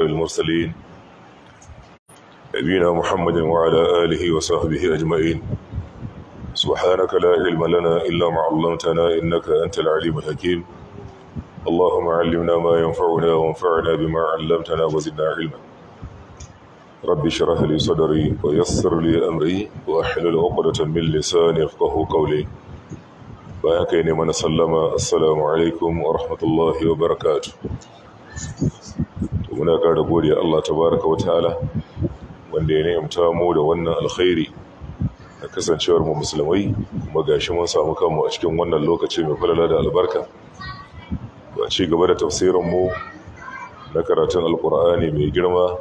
المرسلين نبينا محمد وعلى آله وصحبه أجمعين سبحانك لا علم لنا إلا ما علمتنا إنك أنت العليم الحكيم اللهم علمنا ما ينفعنا وانفعنا بما علمتنا وزدنا علما ربي اشرح لي صدري ويسر لي أمري وأحلل عقدة من لساني يفقه قولي باكين من سلم السلام عليكم ورحمة الله وبركاته to muna ƙara godiya Allah tabaraka wa ta'ala wanda ya nemta mu da wannan alkhairi a kasancewar mu musulmai kuma gashi mun samu kanmu a cikin wannan lokaci mai falala da albarka ba ci gaba da tafsirin mu na karatun alkur'ani mai girma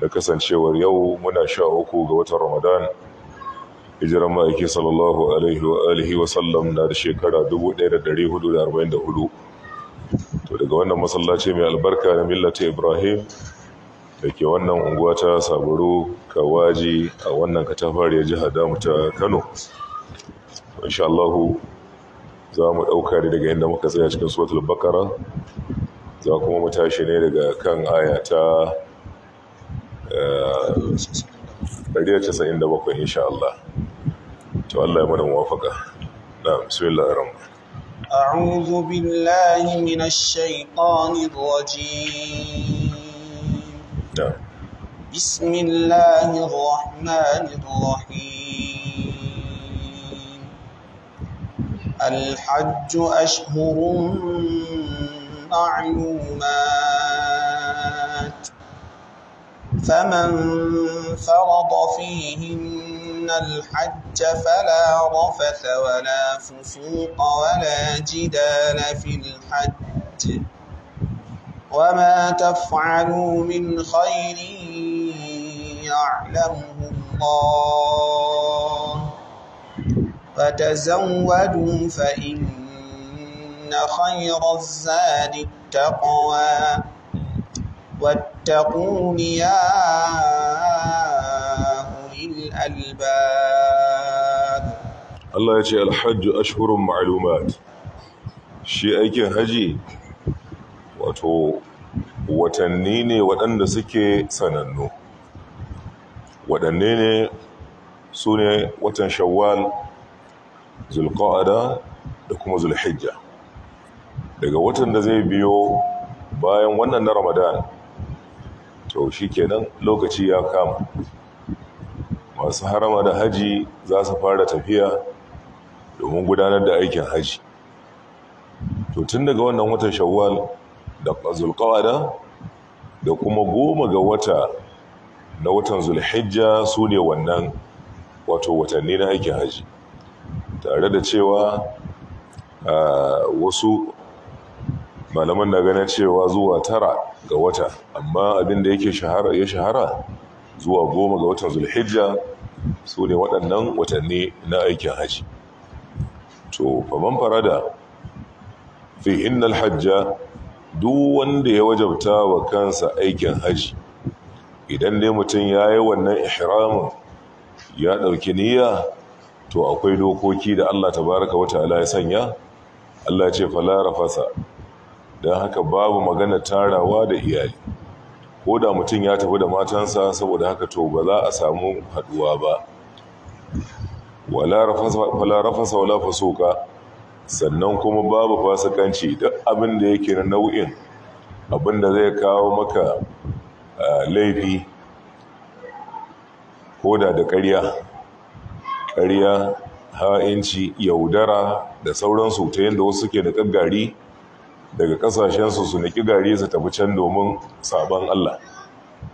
da kasancewar yau muna sha uku ga watan ramadan hijiran ma'aiki sallallahu alaihi wa alihi wa sallam na da shekara 1444 to daga wannan masallaci mai albarka na millata ibrahim da ke wannan unguwa ta saburo kawaji a wannan katafar ya jihar damu ta kano insha Allahu za mu ɗauka ne daga inda muka tsaya cikin suratul bakara za kuma mu tashi ne daga kan aya ta 197 eh, insha Allah to Allah ya mana muwafaka na bismillahir rahmanir أعوذ بالله من الشيطان الرجيم بسم الله الرحمن الرحيم الحج أشهر معلومات فمن فرض فيهن الحج فلا رفث ولا فسوق ولا جدال في الحج وما تفعلوا من خير يعلمه الله فتزودوا فإن خير الزاد التقوى واتقون يا Allah ya ce الحج أشهر معلومات shi aikin haji wato watanni ne waɗanda suke sanannu waɗanne ne su watan shawwal zulqa'ada da kuma zulhijja daga watan da zai biyo bayan wannan na ramadan to shi kenan lokaci ya kama masu harama da haji za su fara tafiya domin gudanar da aikin haji to tun daga wannan watan shawwal da zulqa'ada da kuma goma ga wata na watan zulhijja su ne wannan wato watanni na aikin haji tare da cewa wasu malaman na ganin cewa zuwa tara ga wata amma abin da yake ya shahara zuwa goma ga watan zulhijja su ne waɗannan watanni na aikin hajji to faman farada fi innal hajja duk wanda ya wajabta wa kansa aikin hajji idan ne mutum ya yi wannan ihramin ya ɗauki niyya to akwai dokoki da Allah tabaraka wata ala ya sanya Allah ce fala rafasa don haka babu magana tarawa da iyali ko da mutum ya tafi da matansa saboda haka to ba za a samu haduwa ba wala rafasa wala fasuka sannan kuma babu fasikanci duk abin da yake na nau'in abin da zai kawo maka laifi ko da da ƙarya ƙarya ha'inci yaudara da sauransu ta yadda wasu suke da ƙaggari daga kasashensu su niki gari su tafi can domin sabon Allah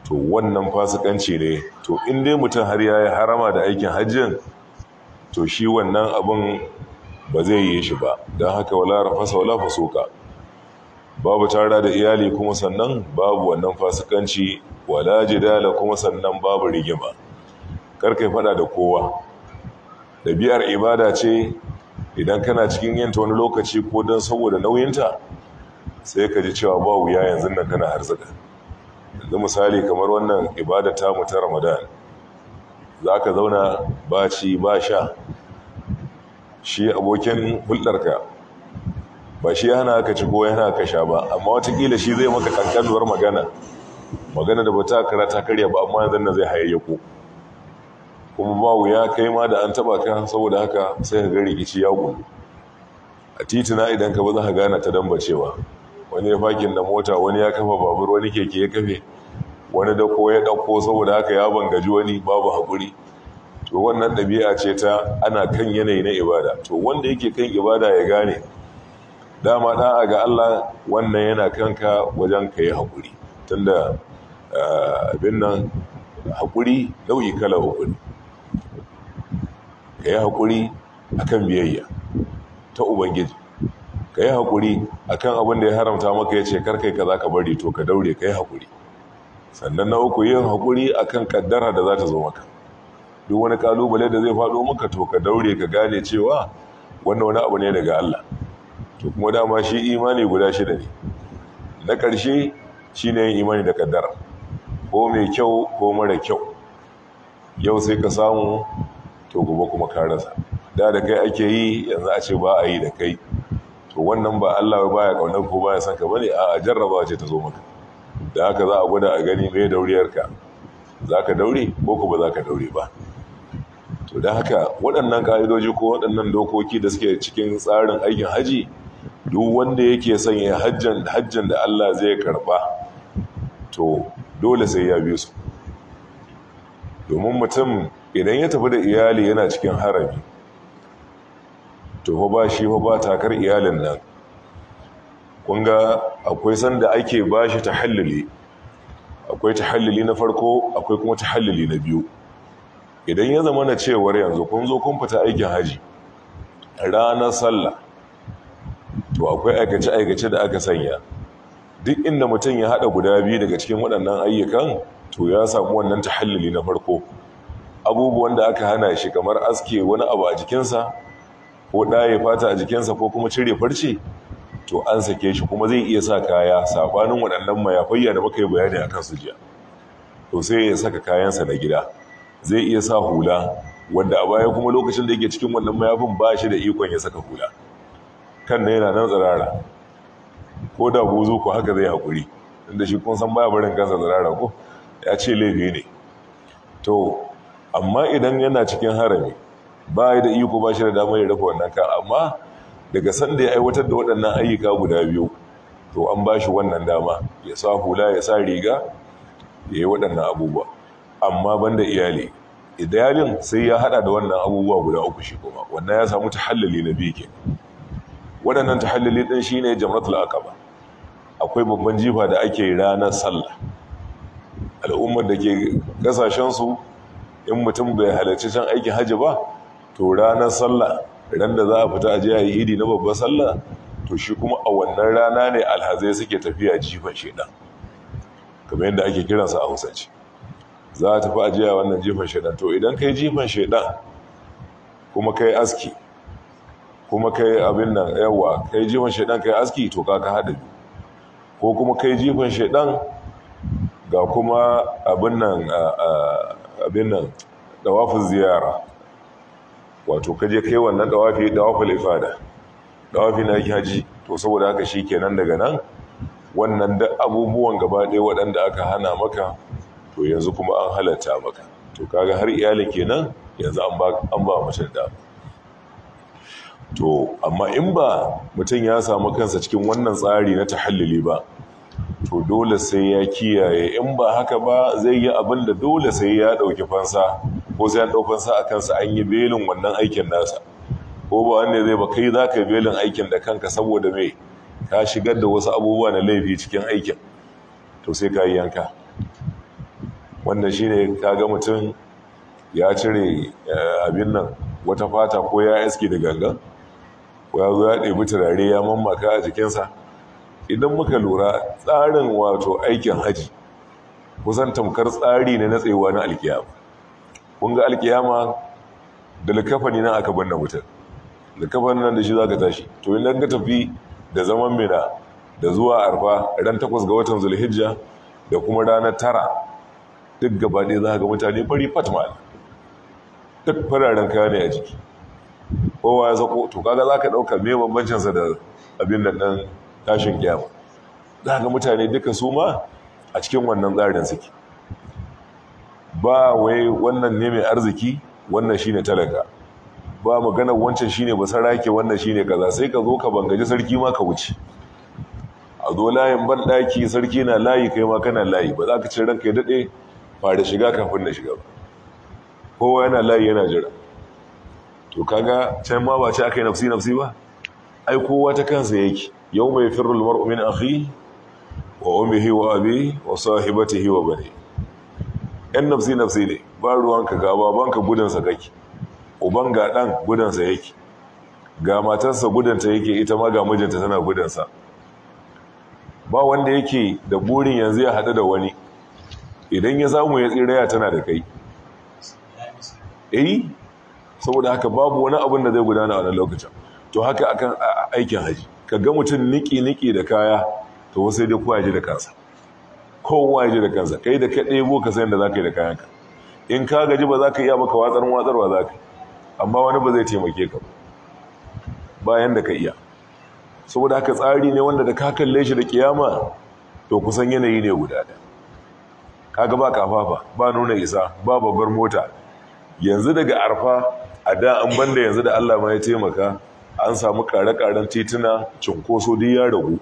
to wannan fasikanci ne to in dai mutum har ya yi harama da aikin hajji? to shi wannan abin ba zai yi shi ba don haka wala rafasa wala fasoka babu tara da iyali kuma sannan babu wannan fasikanci wala jidala kuma sannan babu rigima karkai fada da kowa ɗabi'ar ibada ce idan kana cikin yanta wani lokaci ko don saboda nauyinta sai ka ji cewa ba wuya yanzu nan kana harzaka yanzu misali kamar wannan ibada ta mu ta ramadan za ka zauna ba ci ba sha shi abokin hulɗarka ba shi hana ka ci ko yana ka sha ba amma watakila shi zai maka kankanuwar magana magana da bata kara ta karya ba amma yanzu nan zai ko kuma ba wuya kai ma da an taba ka saboda haka sai ka ga rikici ya gudu a titina idan ka ba za ka gana ta dambacewa wani ya fakin na mota wani ya kafa babur wani keke ya kafe wani da dako ya ɗauko saboda haka ya bangaji wani babu hakuri. to wannan ɗabi'a ce ta ana kan yanayi na ibada to wanda yake kan ibada ya gane dama ɗa'a ga Allah wannan yana kanka wajen ka yi haƙuri tunda eh, abin nan haƙuri nau'i kala uku ne ka yi haƙuri akan biyayya ta ubangiji ka yi haƙuri a kan abin da ya haramta maka ya ce karkai ka za ka bari to ka daure ka yi haƙuri sannan na uku yin haƙuri a kan ƙaddara da za ta zo maka duk wani ƙalubale da zai faɗo maka to ka daure ka gane cewa wannan wani abu ne daga Allah to kuma dama shi imani guda shida ne na ƙarshe shi ne yin imani da ƙaddara ko mai kyau ko mara kyau yau sai ka samu to gobe kuma ka rasa da da kai ake yi yanzu a ce ba a yi da kai to wannan ba Allah ba ya kaunar ko ba ya san ka bane a jarraba ce ta zo maka da haka za a gwada a gani mai dauriyarka za ka daure ko ko ba za daure ba to dan haka waɗannan ka'idoji ko waɗannan dokoki da suke cikin tsarin aikin haji duk wanda yake son ya hajjan hajjan da Allah zai karba to dole sai ya bi su domin mutum idan ya tafi da iyali yana cikin harami to ba shi ba takar iyalin nan Kun ga akwai sanda ake ba shi tahalluli akwai tahalluli na farko akwai kuma tahalluli na biyu idan ya zama na cewar yanzu kun zo kun fita aikin haji ranar sallah to akwai aikace-aikace da aka sanya duk inda mutum ya haɗa guda biyu daga cikin waɗannan ayyukan to ya samu wannan tahalluli na farko abubuwan da aka hana shi kamar aske wani abu a jikinsa ko ɗaye fata a jikinsa ko kuma cire farce to an sake shi kuma zai iya sa kaya sabanin waɗannan mayafayya da muka yi bayani akan su jiya to sai ya saka kayansa na gida zai iya sa hula wanda a baya kuma lokacin da yake cikin wannan mayafin ba shi da ikon ya saka hula kan na yana nan tsirara ko da gozo ko haka zai haƙuri inda shi kun san baya barin kansa tsirara ko ya ce laifi ne to amma idan yana cikin harami ba da iko ba shi da damar ya rufe wannan kan amma daga sanda ya aiwatar da waɗannan ayyuka guda biyu to an ba shi wannan dama ya sa hula ya sa riga ya yi waɗannan abubuwa amma ban da iyali idalin sai ya haɗa da wannan abubuwa guda uku shi kuma wannan ya samu tahallali na biyu ke waɗannan tahallali ɗin shi ne jamratul akaba akwai babban jifa da ake ranar sallah al'ummar da ke ƙasashensu in mutum bai halarci can aikin hajji ba to ranar sallah idan da za a fita aje a yi idi na babbar sallah to shi kuma a wannan rana ne alhazai suke tafiya jifan shedan kamar yadda ake kiransa a hausance za a tafi a a wannan jifan shedan to idan kai jifan shedan kuma kai aski kuma kai abin nan yawa kai jifan shedan kai aski to ka ka haɗa ko kuma kai jifan shedan ga kuma abin nan abin nan dawafin ziyara wato kaje kai wannan dawafi dawaful ifada dawafi na haji to saboda haka shikenan daga nan wannan da abubuwan gaba ɗaya waɗanda aka hana maka to yanzu kuma an halatta maka to kaga har iyalin kenan yanzu an ba an ba mutum da to amma in ba mutum ya samu kansa cikin wannan tsari na tahallili ba to dole sai ya kiyaye in ba haka ba zai yi abin da dole sai ya dauki fansa ko sai ya dauki fansa a kansa an yi belin wannan aikin nasa ko ba wanda zai ba kai za ka yi belin aikin da kanka saboda mai ka shigar da wasu abubuwa na laifi cikin aikin to sai ka yi yanka wannan shi ne ga mutum ya cire eh, abin nan wata fata ko ya aski da gangan ko ya zo ya ɗebi turare ya mammaka a jikinsa idan muka lura tsarin wato aikin haji kusan tamkar tsari ne na tsayuwa na alkiyama kun ga alkiyama da likafani na aka banna mutum likafani nan da shi za ka tashi to idan ka tafi da zaman mina da zuwa arfa ran takwas ga watan zulhijja da kuma ranar tara duk gaba ɗaya za ga mutane fari fatmal duk fararen kaya ne a jiki kowa ya zako to kaga za ka ɗauka mai bambancinsa da abin da ɗan tashin kyamu za ga mutane duka su ma a cikin wannan tsarin suke ba wai wannan ne mai arziki wannan shine talaka ba maganar wancan shine ba sarake wannan shine kaza sai ka zo ka bangaji sarki ma ka wuce a zo layin ban daki sarki na layi kai ma kana layi ba za ka ce ranka ya dade fara shiga kafin na shiga ba kowa yana layi yana jira to kaga can ma ba ce aka yi nafsi nafsi ba ai kowa ta kansa yake يوم يفر المرء من أخيه وأمه وأبيه وصاحبته وبنيه ‘yan nafsi nafsi ne ba ruwanka ga babanka gudansa kake uban ga ɗan gudansa yake ga matarsa gudanta yake ita ma ga mijinta tana gudansa ba wanda yake da burin yanzu ya haɗu da wani idan ya samu ya tsiraya tana da kai eh saboda haka babu wani abin da zai gudana a wannan lokacin to haka akan aikin haji ka ga mutum niki-niki da kaya to wasu dai kowa ji da kansa kowa ji da kansa kai da ka ko ka sayan da za ka yi da kayanka in ka gaji ba za ka iya maka watsar watsarwa za ka amma wani ba zai taimake ka bayan da ka iya saboda haka tsari ne wanda da ka kalle shi da kiyama to kusan yanayi ne guda ɗaya kaga ba kafafa ba nuna isa ba babbar mota yanzu daga arfa a da an banda yanzu da Allah ma ya taimaka an samu ƙare karen tituna cunkoso duk ya ragu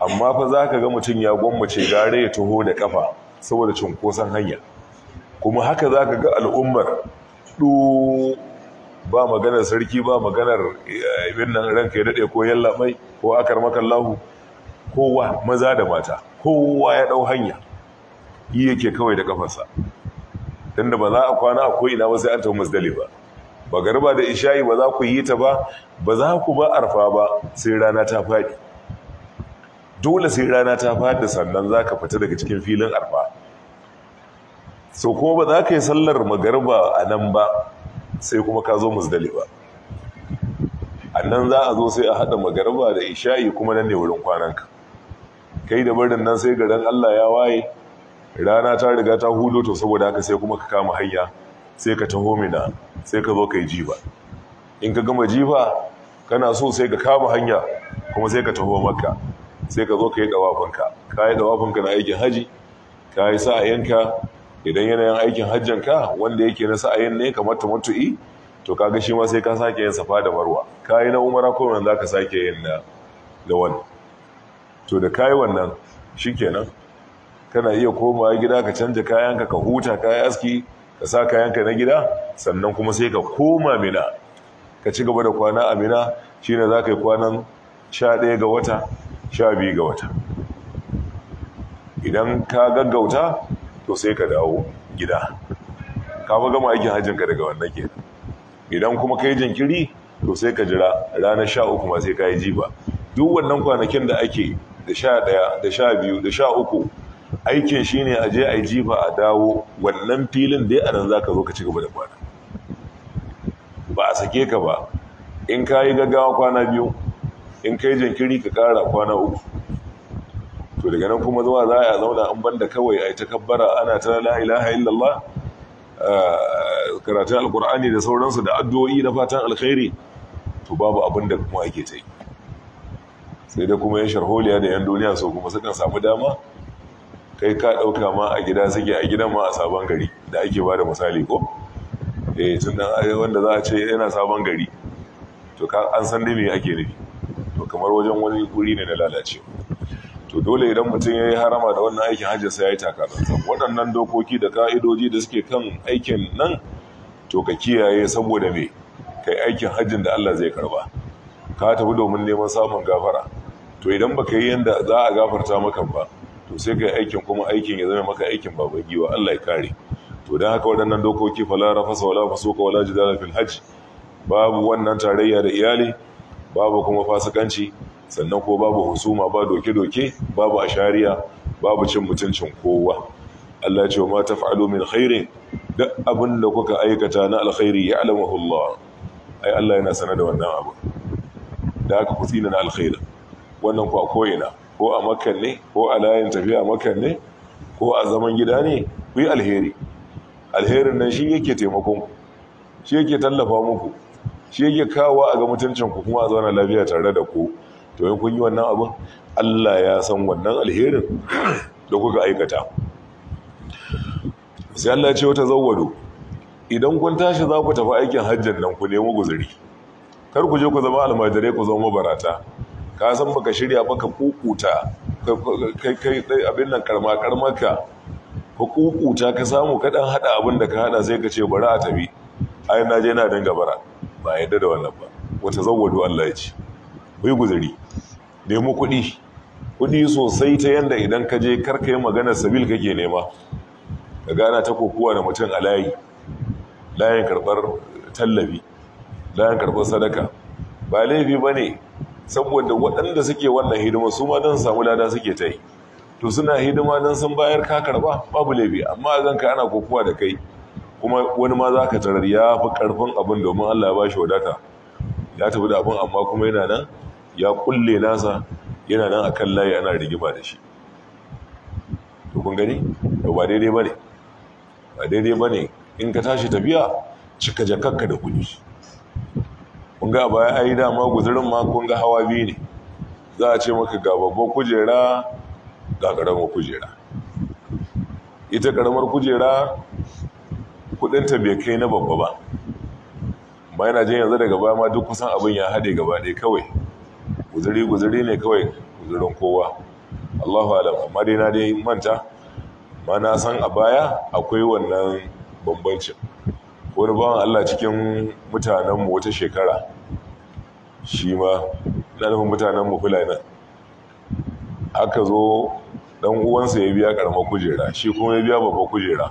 amma fa za ka ga mutum ya gwammace gare ya taho da ƙafa saboda cunkoson hanya kuma haka za ka ga al'ummar ɗo ba maganar sarki ba maganar ibin eh, nan ranka ya daɗe ko yallaɓai ko akar lahu kowa maza da mata kowa ya ɗau hanya yi yake kawai da kafarsa don ba za a kwana a ko'ina ba sai an tafi masdali ba Ba Garba da isha'i ba za ku yi ta ba ba za ku ba arfa ba sai rana ta faɗi dole sai rana ta faɗi sannan za ka fita daga cikin filin arfa so kuma ba za ka yi sallar maGarba a nan ba sai kuma ka zo ba a nan za a zo sai a haɗa Magarba da isha'i kuma nan ne wurin kwananka kai da barin nan sai garin allah ya waye rana ta riga ta hudo to saboda haka sai kuma ka kama hanya sai ka taho mina sai ka zo ka yi jifa in ka gama jifa kana so sai ka kama hanya kuma sai ka taho maka sai ka zo ka yi dawafinka ka yi dawafinka na aikin haji ka yi sa'ayinka idan yanayin aikin hajjanka wanda yake na sa'ayin ne kamar tamattu'i to kaga shi ma sai ka sake yin safa da marwa ka yi na umara ko za ka sake yin na da wani to da ka yi wannan shikenan kana iya koma gida ka canja kayanka ka huta ka yi aski ka sa kayanka na gida sannan kuma sai ka koma mina ka ci gaba da kwana a mina ne za ka yi kwanan sha ɗaya ga wata sha biyu ga wata idan ka gaggauta to sai ka dawo gida ka gama aikin hajjinka daga wannan ke idan kuma ka yi jinkiri to sai ka jira ranar sha uku ma sai ka yi jiba duk wannan kwanakin da ake da sha ɗaya da sha biyu da sha uku aikin shine a je a yi jifa a dawo wannan filin dai a nan za ka zo ka ci gaba da kwana ba a sake ka ba in ka yi gaggawa kwana biyu in ka yi jinkiri ka kara kwana uku to daga nan kuma zuwa za a zauna an banda kawai a yi ta kabbara ana ta la'ilaha illallah eh, karatun alkur'ani da sauransu da addu'o'i na fatan alkhairi to babu abin da kuma ake ta yi sai da kuma yan sharholiya da yan duniya so kuma sukan samu dama kai ka ɗauka ma a gida suke a gidan ma a sabon gari da ake ba da misali ko eh tun dan wanda za a ce yana sabon gari to ka an san dai me ake nufi to kamar wajen wani guri ne na lalacewa to dole idan mutum ya yi harama da wannan aikin hajji sai ya yi takaransa waɗannan dokoki da ka'idoji da suke kan aikin nan to ka kiyaye saboda me kai aikin hajjin da Allah zai karba ka tafi domin neman samun gafara to idan baka yi yanda za a gafarta maka ba to sai kai aikin kuma aikin ya zama maka aikin babagiwa Allah ya kare to dan haka waɗannan dokoki fala rafasa wala fusuka wala jidala fil hajj babu wannan tarayya da iyali babu kuma fasikanci sannan ko babu husuma ba doke-doke babu ashariya babu cin mutuncin kowa Allah ce ma taf'alu min khairin duk abin da kuka aikata na alkhairi ya alamahu Allah ai Allah yana sanar da wannan abu da haka kutsina na alkhairi wannan ko a koyina ko a makar ne ko a layin tafiya makar ne ko a zaman gida ne ku yi alheri alherin nan shi yake taimakon shi yake tallafa muku shi yake kawo a ga mutuncinku kuma a zaune lafiya tare da ku to yi kun yi wannan abin allah ya san wannan alherin da kuka aikata sai allah ce wata zawwado idan kun tashi za ku tafi aikin hajjan nan ku nemo guzuri kar ku je ku zama almajirai ku zama mabarata ka san baka shirya baka kukuta kai kai dai abin nan karma karmaka ka kukuta ka samu ka dan hada abin da ka hada sai ka ce bari a tafi ai na je na dinga bara ba yadda da wannan ba wata zawwadu Allah ya ce bai guzuri nemo kuɗi kuɗi sosai ta yanda idan ka je kar ka yi magana sabil kake nema ka gana ta kokowa da mutum a layi layin karɓar tallafi layin karɓar sadaka ba laifi ba ne saboda waɗanda suke wannan hidima su ma don samu lada suke ta yi to suna hidima don sun bayar ka karba babu laifi amma zan ka ana kokowa da kai kuma wani ma za ka tarar ya fi karfin abin domin Allah ya ba shi wadata ya tafi da abin amma kuma yana nan ya kulle nasa yana nan a kan layi ana rigima da shi to kun gani to ba daidai bane ba daidai ne in ka tashi tafiya cika jakarka da kuɗi kun ga baya ai dama guzurin ma kun ga hawa biyu ne za a ce maka ga babban kujera ga karamar kujera ita karamar kujera kudinta bai kai na babba ba ba yana jin yanzu daga baya ma duk kusan abin ya haɗe gaba ɗaya kawai guzuri guzuri ne kawai guzurin kowa allahu amma dai na dai manta ma na san a baya akwai wannan bambancin wani bawan Allah cikin mutanenmu wata shekara shi ma na nufin mutanenmu fulani aka zo ɗan uwansa ya biya ƙarama kujera shi kuma ya biya babba kujera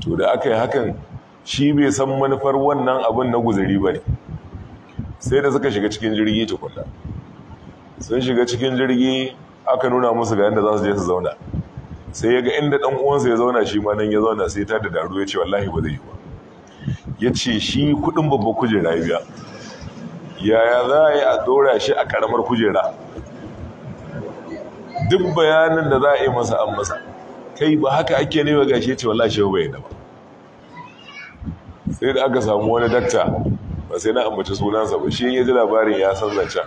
to da aka yi hakan shi bai san manufar wannan abin na guzuri ba ne sai da suka shiga cikin jirgi tukunna sun shiga cikin jirgi aka nuna musu ga yadda za su je su zauna sai ya ga inda dan uwansa ya zauna shi ma nan ya zauna sai ta da daru ya ce wallahi ba zai yi ba ya ce shi kudin babbar kujera ya biya yaya za a yi a dora shi a karamar kujera duk bayanin da za a yi masa an masa kai ba haka ake nema gashi ya ce wallahi shi bai da ba sai da aka samu wani dakta ba sai na ambaci sunansa ba shi ya ji labarin ya san zancen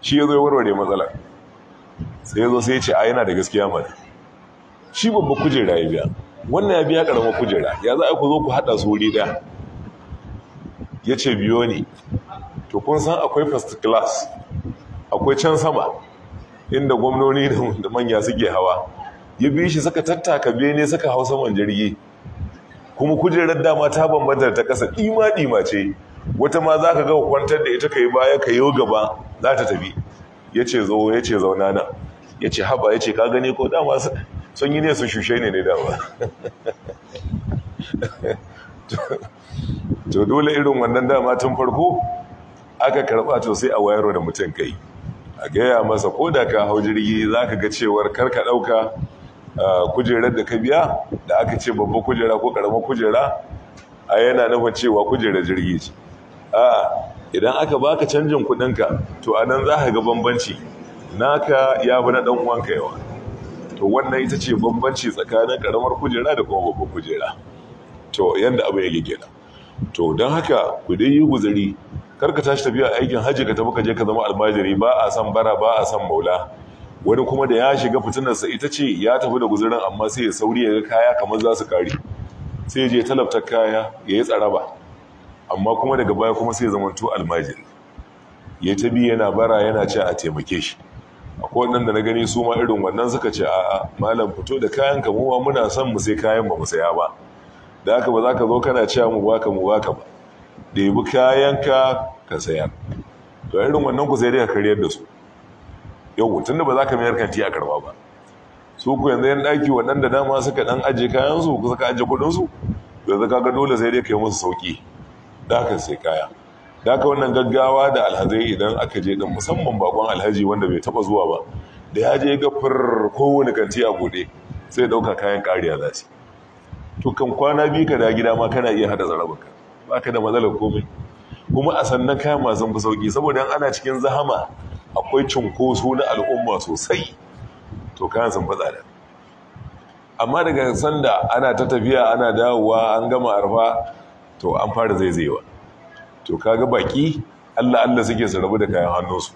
shi ya zo ya warware matsalar sai ya zo sai ya ce a yana da gaskiya mana shi babba kujera ya biya wannan ya biya karamar kujera ya za a ku zo ku haɗa su wuri da ya ce biyo ne to kun san akwai first class akwai can sama inda gwamnoni da manya suke hawa ya bi shi suka tattaka bene suka hau saman jirgi kuma kujerar dama ta bambanta ta kasa Dima-dima ce wata ma za ka ga kwantar da ita ka yi baya ka yi gaba za ta tafi ya ce zo ya ce zauna na ya ce haba ya ce ka gani ko dama sun yi ne su shushe ne ne dama to dole irin wannan dama tun farko aka karba to sai a wayarwa da mutum kai a gaya masa ko da ka hau jirgi za ka ga cewar karka ɗauka kujerar da ka biya da aka ce babban kujera ko ƙaramin kujera a yana nufin cewa kujerar jirgi ce a idan aka baka canjin kuɗinka to a nan za ka ga bambanci naka ya fi na ɗan uwanka yawa to wannan ita ce bambanci tsakanin karamar kujera da kuma babban kujera to yadda abu ya gege na to don haka ku dai yi guzuri kar ka tashi tafiya aikin hajji ka tafi ka je ka zama almajiri ba a san bara ba a san maula wani kuma da ya shiga fitinarsa ita ce ya tafi da guzurin amma sai ya sauri ya ga kaya kamar za su kare sai ya je talabtar kaya ya yi tsaraba amma kuma daga baya kuma sai ya zamanto almajiri ya tabi yana bara yana ci a taimake shi akwai wannan da na gani su ma irin wannan suka ce a'a malam fito da kayan ka muwa muna son mu sai kayan ba mu saya ba da haka ba za ka zo kana cewa mu baka mu baka ba ɗebi kayan ka ka saya to irin wannan ku sai dai ka karyar da su yau tunda ba za ka mayar kanti a karba ba su ku yanzu yan ɗaki waɗanda dama suka ɗan aje kayan su suka aje kuɗin su yanzu kaga dole sai dai ka yi musu sauki da haka sai kaya da haka wannan gaggawa da alhazai idan aka je din musamman bakon alhaji wanda bai taba zuwa ba da ya je gafar kowane kanti a bude sai dauka kayan kariya za shi to kan kwana biyu ka da gida ma kana iya hada zarabanka baka da matsalar komai kuma a sannan kayan masu fi sauki saboda in ana cikin zahama akwai cunkoso na al'umma sosai to kayan sun fatsa da amma daga sanda ana ta tafiya ana dawowa an gama arfa to an fara zaizayewa to kaga baki Allah Allah suke su rabu da kayan hannunsu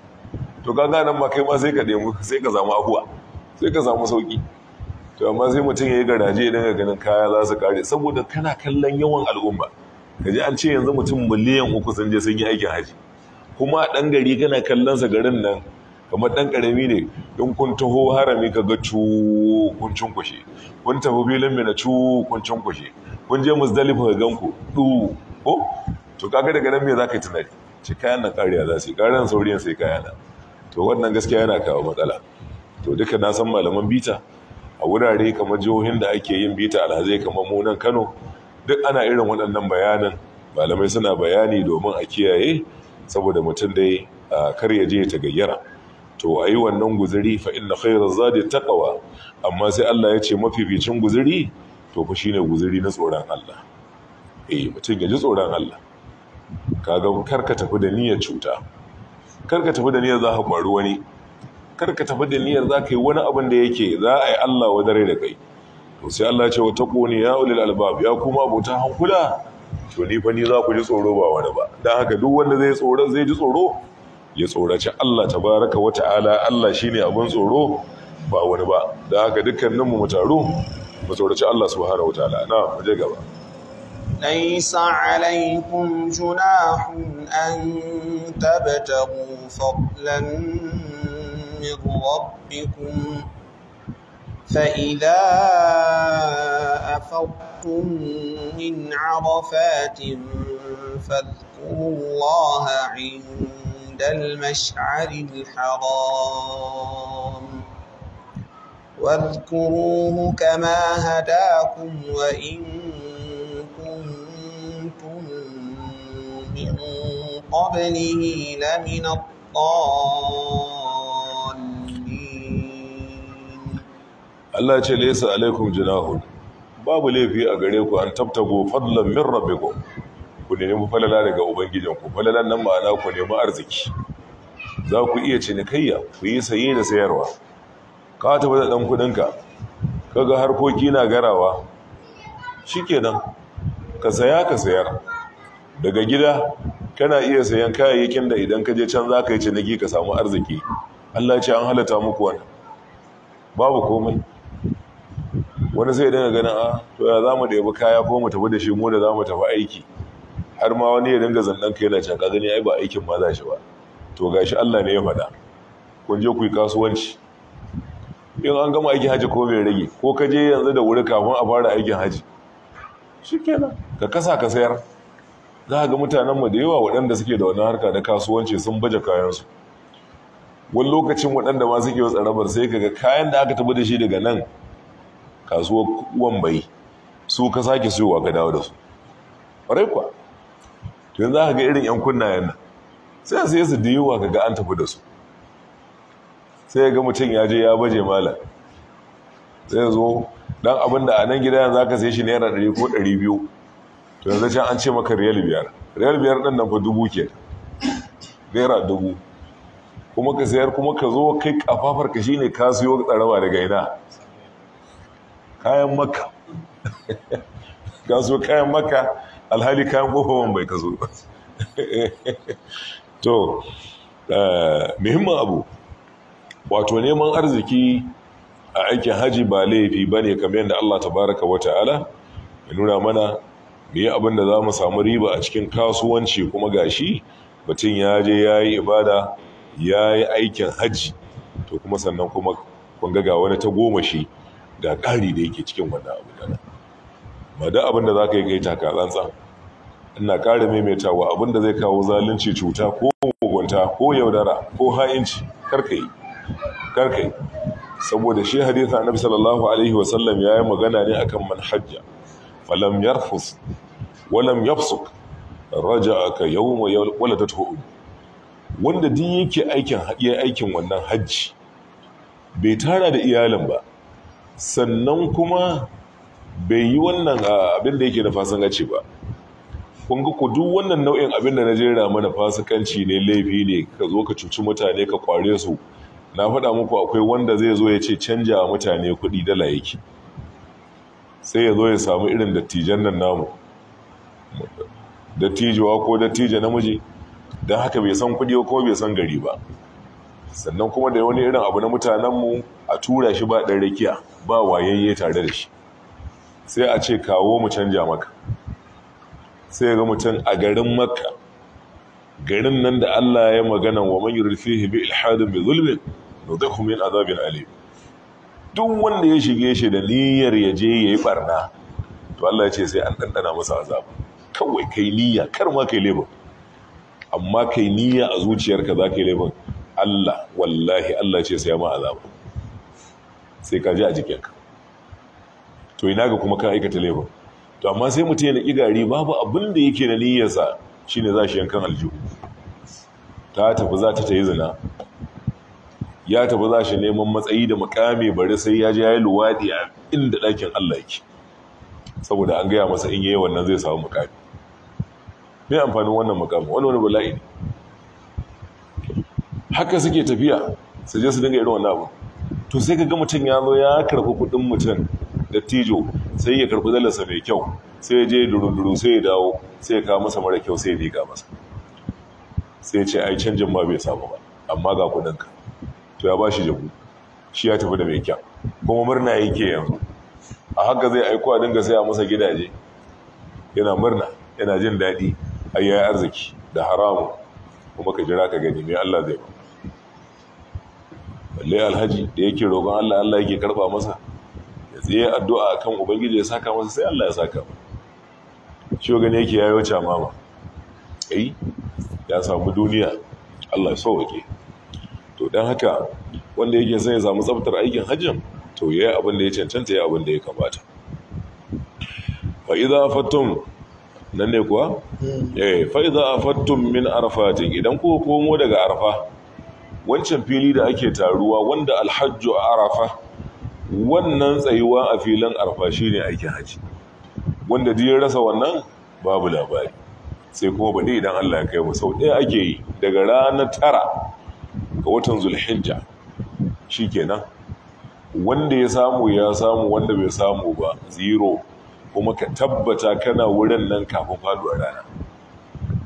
to kaga nan ma kai ma sai ka demu sai ka samu abuwa sai ka samu sauki to amma sai mutum ya yi garaje idan ka ganin kaya za su kare saboda kana kallon yawan al'umma kaje an ce yanzu mutum miliyan uku sun je sun yi aikin haji kuma a dan gari kana kallon sa garin nan kamar dan karami ne in kun taho harami ka ga cu kun cunkushe kun tafi filin mai na cu kun cunkushe kun je musdalifa ka ganku du ko to kaga daga nan me za ka yi tunani ce kayan nan kariya za su yi kayan sauriyan sai kaya na to wannan gaskiya yana kawo matsala to duka na san malaman bita a wurare kamar jihohin da ake yin bita alhazai kamar mu nan Kano duk ana irin waɗannan bayanan malamai suna bayani domin a kiyaye saboda mutum dai kar ya je ta gayyara to ayi wannan guzuri fa inna khayra zadi taqwa amma sai Allah ya ce mafificin guzuri to fa shine guzuri na tsoron Allah eh mutum ya ji tsoron Allah kaga kar ka tafi da niyyar cuta kar ka tafi da niyyar za ka kwari wani kar ka tafi da niyyar za ka yi wani abin da yake za a yi Allah wa dare da kai to sai Allah ya ce wa taquni ya ulil albab ya kuma abota hankula to ni fa ni za ku ji tsoro ba wani ba dan haka duk wanda zai tsoro zai ji tsoro ya tsoraci Allah tabaraka wa ta'ala Allah shine abin tsoro ba wani ba dan haka dukkaninmu mu taru? mu tsoraci Allah subhanahu wa ta'ala na mu je gaba ليس عليكم جناح أن تبتغوا فضلا من ربكم فإذا أفضتم من عرفات فاذكروا الله عند المشعر الحرام واذكروه كما هداكم وإن من قبله لمن الضالين الله ya ce laysa alaikum junahun babu laifi a gare ku an tabtago fadlan min rabbikum ku nemi falala daga ubangijinku falalan nan ma'ana ku nemi arziki za ku iya cinikayya ku yi saye da sayarwa ka tafi da ɗan kuɗinka kaga harkoki na garawa shikenan ka saya ka sayar daga gida kana iya sayan kayayyakin da idan ka je can za ka yi ciniki ka samu arziki Allah ce an halatta muku wannan babu komai wani sai dinga ganin a ah, to ya za mu ɗebi kaya ko mu tafi da shi mu da za mu tafi aiki har ma wani ya dinga zannan kai na can ka gani ai ba aikin ma za shi ba to gashi Allah ne ya faɗa kun je ku yi kasuwanci in an gama aikin haji ko bai rage ko ka je yanzu da wuri kafin a fara aikin haji shikenan ka kasa ka sayar za ga mutanenmu da yawa waɗanda suke da wani harka da kasuwanci sun baje kayansu wani lokacin waɗanda ma suke wasu tsarabar sai kaga kayan da aka tabi da shi daga nan kasuwar bai su ka sake siyowa ka dawo da su ƙwarai kuwa to yanzu aka ga irin 'yan kunnayen nan sai sai su da yawa kaga an tafi da su sai ga mutum ya je ya baje malam sai zo dan abin da a nan gida yanzu aka sai shi naira ɗari ko ɗari biyu to yanzu can an ce maka riyal biyar riyal biyar ɗan nan fa dubu ke naira dubu kuma ka sayar kuma ka zo kai kafafar ka shine ka siyo tsaraba daga ina kayan maka ka so kayan maka alhali kayan kofofin bai ka zo to eh, muhimmin abu wato neman arziki a aikin haji ba laifi ba ne kamar yadda Allah tabaraka wa ta'ala ya nuna mana me yi abin da za mu samu riba a cikin kasuwanci kuma gashi batun ya je ya yi ibada ya yi aikin hajji to kuma sannan kuma kun ga wani ta goma shi ga ƙari da yake cikin wannan abu da ba da abin da za ka yi kai taka tsantsan ina ƙara maimaitawa abin da zai kawo zalunci cuta ko mugunta ko yaudara ko ha'inci karkai karkai saboda shi hadisa annabi sallallahu alaihi wasallam ya yi magana ne akan manhajja falam yarfus walam yafsuk raja'aka yawma um. wanda duk yake aikin aikin wannan hajji bai tara da iyalin ba sannan kuma bai yi wannan abin da yake na fasikanci ba kun ga duk wannan nau'in abin da na jera mana fasikanci ne laifi ne ka zo ka cuci mutane ka kware su na faɗa muku akwai wanda zai zo ya ce canja mutane kuɗi dala yake sai ya zo ya samu irin dattijan nan namu dattijuwa ko dattija namiji don haka bai san kudi ko bai san gari ba sannan kuma da wani irin abu na mutanenmu a tura shi ba ɗan rakiya ba wayayye tare da shi sai a ce kawo mu canja maka sai ga mutum a garin makka garin nan da allah ya magana wa man yurid bi ilhadin bi zulmin kuma min azabin alim duk wanda ya shige shi da niyyar ya je ya yi barna to Allah ya ce sai an ɗanɗana masa azaba kawai kai niyya kar ma kai laifin amma kai niyya a zuciyarka za ka yi laifin Allah wallahi Allah ce sai ma azaba sai ka ji a jikinka to ina ga kuma ka aikata laifin to amma sai mutum ya naki gari babu abin da yake da niyyarsa shine za shi yankan aljihu ta tafi za ta ta yi zina ya tafi za shi neman matsayi da mukami bari sai ya je ya yi luwaɗi a inda ɗakin Allah yake saboda an gaya masa in yayi wannan zai samu mukami me amfanin wannan makami wani wani bala'i ne haka suke tafiya su je su dinga irin wannan abu to sai ka ga mutum ya zo ya karɓi kuɗin mutum da tijo sai ya karɓi dalarsa mai kyau sai ya je duruduru, sai ya dawo sai ya kawo masa mara kyau sai ya liƙa masa sai ce ai canjin ma bai samu ba amma ga kuɗinka to ya bashi jabu shi ya tafi da mai kyan kuma murna yake yanzu a haka zai aiko a dinga sai a masa gidaje yana murna yana jin daɗi a yi arziki da haramu kuma ka jira ka gani mai Allah zai balle alhaji da yake roƙon Allah Allah yake karba masa ya tsaye addu'a kan ubangiji ya saka masa sai Allah ya saka shi gani yake yayo mama ai ya samu duniya Allah ya sauke to don haka wanda yake son ya samu tsabtar aikin hajjin to ya yi abin da ya cancanta ya abin da ya kamata fa'iza fattun nan ne kuwa? Hmm. eh fa'iza fattun min arfatin idan ko komo daga arfa wancan fili da ake taruwa wanda alhajju a arafa wannan tsayuwa a filin arfa shi ne aikin haji wanda duk rasa wannan babu labari sai kuma baɗi idan allah ya kai mu sau ɗaya ake yi daga ranar tara ga watan zulhijja shi shikenan wanda ya samu ya samu wanda bai samu ba zero kuma ka tabbata kana wurin nan kafin faduwar rana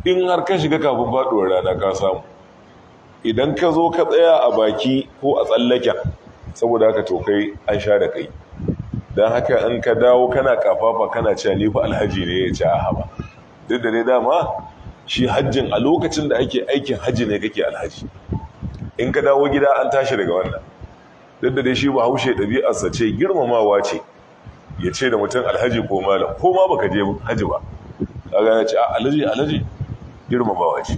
in har ka shiga kafin faduwar rana ka samu idan ka zo ka tsaya a baki ko a tsallaken saboda haka to kai an sha da kai don haka in ka dawo kana kafafa kana cewa ni alhaji ne ya ci a haba duk da dai dama shi hajjin a lokacin da ake aikin hajji ne kake alhaji in ka dawo gida an tashi daga wannan duk da dai shi bahaushe ɗabi'arsa ce girmamawa ce ya ce da mutum alhaji ko malam ko ma baka je haji ba ka gane ce a ah, alhaji alhaji girmamawa ce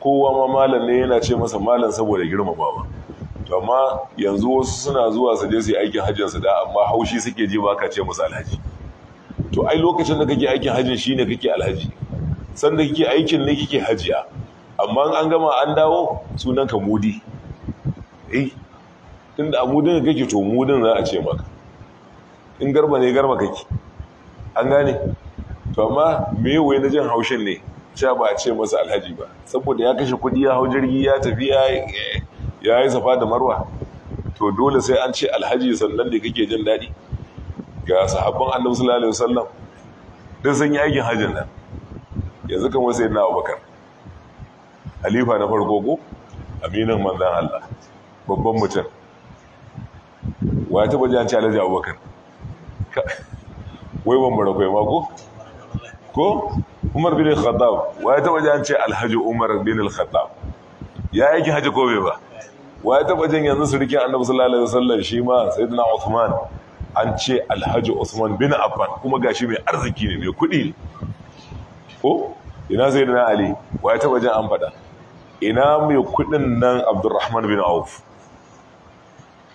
kowa ma malam ne yana ce masa malam saboda girmamawa to amma yanzu wasu suna zuwa su je su yi aikin hajjin su da amma haushi suke ji ba ka ce musu alhaji to ai lokacin da kake aikin hajjin shine kake alhaji sanda kike aikin ne kike hajiya amma an gama an dawo sunan ka mudi eh tunda amudin ka kake to mudin za a ce maka in garba ne garba kake an gane to amma me waye na jin haushin ne cewa ba a ce masa alhaji ba saboda ya kashe kudi ya hau jirgi ya tafi ya yi safa da marwa to dole sai an ce alhaji sannan da kake jin daɗi ga sahabban annabi sallallahu alaihi wasallam duk sun yi aikin hajjin nan yanzu kamar sai na abubakar halifa na farko ko aminin manzan Allah babban mutum wa ya taba janci alhaji abubakar wai ban bara kai mako ko umar bin al-khattab wa ya taba ce alhaji umar bin al-khattab ya yake haji ko bai ba wa ya taba jin yanzu surikin annabi sallallahu alaihi wasallam shi ma sayyidina usman an ce alhaji usman bin affan kuma gashi mai arziki ne mai kuɗi ko ina sayyidina ali wa ya taba jin an fada ina mai kudin nan abdurrahman bin auf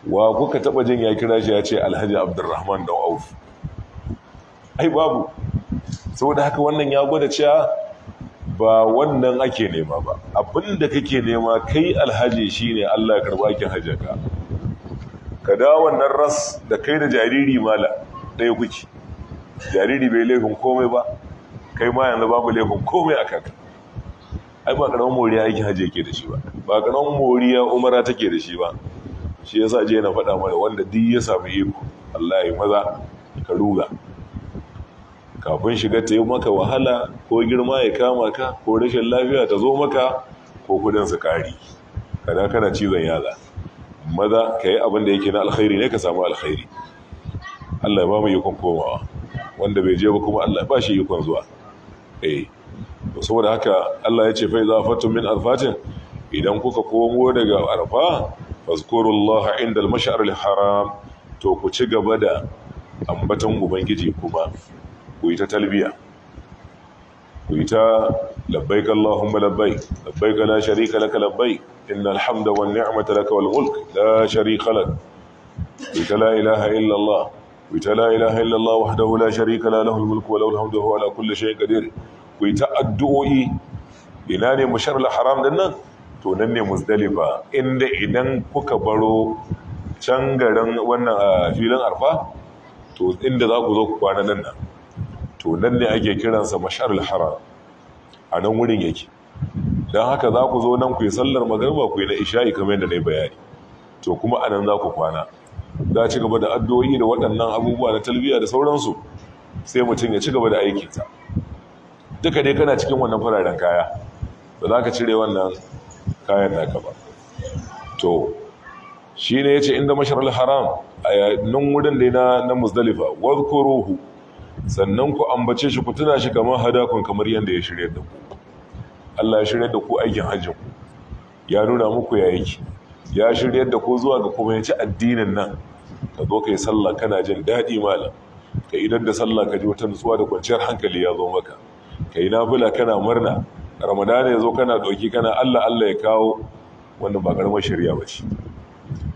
wa kuka taba jin ya kira shi ya ce alhaji abdurrahman da auf ai babu saboda haka wannan ya gwada cewa ba wannan ake nema ba abinda kake nema kai alhaji shine Allah ya karba ake hajjaka ka da wannan ras da kai da jariri mala ɗaya kuki, jariri bai laifin komai ba kai ma yanzu babu laifin komai a kanka ai ba karamin moriya aikin hajji yake da shi ba ba karamin moriya umara take da shi ba shi yasa je na faɗa mana wanda duk ya samu iko Allah ya maza ka ruga kafin shiga ta yi maka wahala ko girma ya kama ka ko rashin lafiya ta zo maka ko kudin su kari kada kana cizon yaza maza ka yi abin da yake na alkhairi ne ka samu alkhairi Allah ya ba mu ikon komawa wanda bai je ba kuma Allah ba shi ikon zuwa eh saboda haka Allah ya ce fa idza fatum min arfatin idan kuka komo daga arfa fazkurullah inda al-mash'ar al-haram to ku ci gaba da ambaton ubangiji kuma ku yi ta talbiya ku yi ta labbaik allahumma labbaik labbaik la sharika laka labbaik innal hamda wan ni'mata laka wal mulk la sharika lak ku ta la ilaha illa allah ku ta la ilaha illa allah wahdahu la sharika la lahu al mulku wa lahu al hamdu wa ala kulli shay'in qadir ku yi ta addu'o'i ina ne mu musharla haram din nan to nan ne muzdalifa inda idan kuka baro can garin wannan filin arfa to inda za ku zo ku kwana nan nan to nan ne ake kiransa mashar haram a nan wurin yake don haka za ku zo nan ku yi sallar magarba ku yi na isha'i kamar yadda na yi bayani to kuma a nan za ku kwana za ci gaba da addu'o'i da waɗannan abubuwa na talbiya da sauransu sai mutum ya ci gaba da aikinsa duka dai kana cikin wannan fararen kaya ba za ka cire wannan kayan naka ba to shi ne ya ce inda mashirar haram a yanin wurin da ya na na muzdalifa ruhu sannan ku ambace shi ku tuna shi kamar hadakun kamar yadda ya shirya da ku Allah ya shirya da ku aikin hajjin ku ya nuna muku ya yake ya shirya da ku zuwa ga kuma ya ci addinin nan ka zo ka yi sallah kana jin daɗi malam ka idan da sallah ka ji wata nutsuwa da kwanciyar hankali ya zo maka kai nafila kana murna ramadan ya zo kana ɗauki kana Allah Allah ya kawo wannan ba karamar shari'a ba ce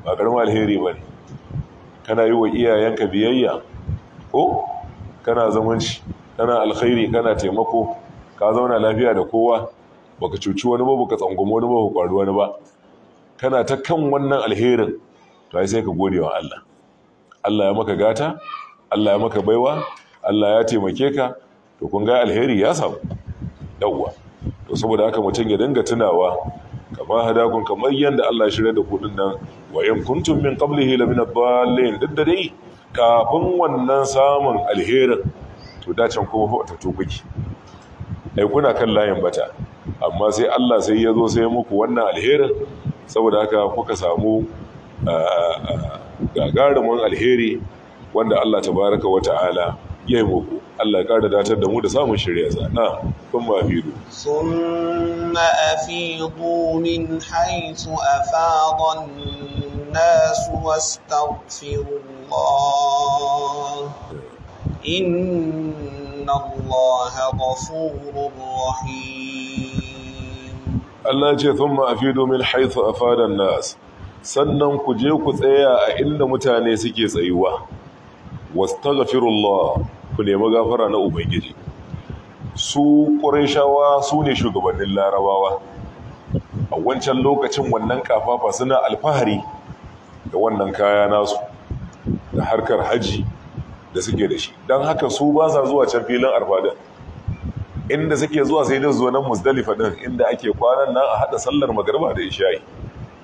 ba karamar alheri ba kana yi wa iyayenka biyayya ko kana zamanci kana alkhairi kana taimako ka zauna lafiya da kowa baka cuci wani ba baka tsangwama wani ba baka wani ba kana ta kan wannan alherin to sai ka gode wa Allah Allah ya maka gata Allah ya maka baiwa Allah ya taimake ka to kun ga alheri ya samu yawwa to saboda haka mutum ya dinga tunawa kamar hadakun kamar yadda Allah shirya da kudin nan wa in kuntum min qablihi la min ad-dallin duk da dai kafin wannan samun alherin to dacen kuma fa ta tukuki ai kuna kan layin bata amma sai Allah sai ya zo sai muku wannan alherin saboda haka kuka samu gagarumin alheri wanda Allah tabaraka wa ta'ala ya yi muku Allah ya ƙara datar da mu da samun shirya sa na kun ma fidu summa afidu min haythu afada an-nas wastaghfirullah inna Allah ghafurur rahim Allah ya ce thumma afidu min haythu afada an-nas sannan ku je ku tsaya a inda mutane suke tsayuwa Wasu wastaghfirullah ku nemi gafara na ubangiji su ƙurashawa su ne shugabannin larabawa a wancan lokacin wannan kafafa suna alfahari da wannan kaya nasu da harkar haji da suke da shi don haka su ba sa zuwa can filin arfadar inda suke zuwa sai da zuwa nan musdalifa din inda ake kwanan nan a haɗa sallar magarba da ishayi,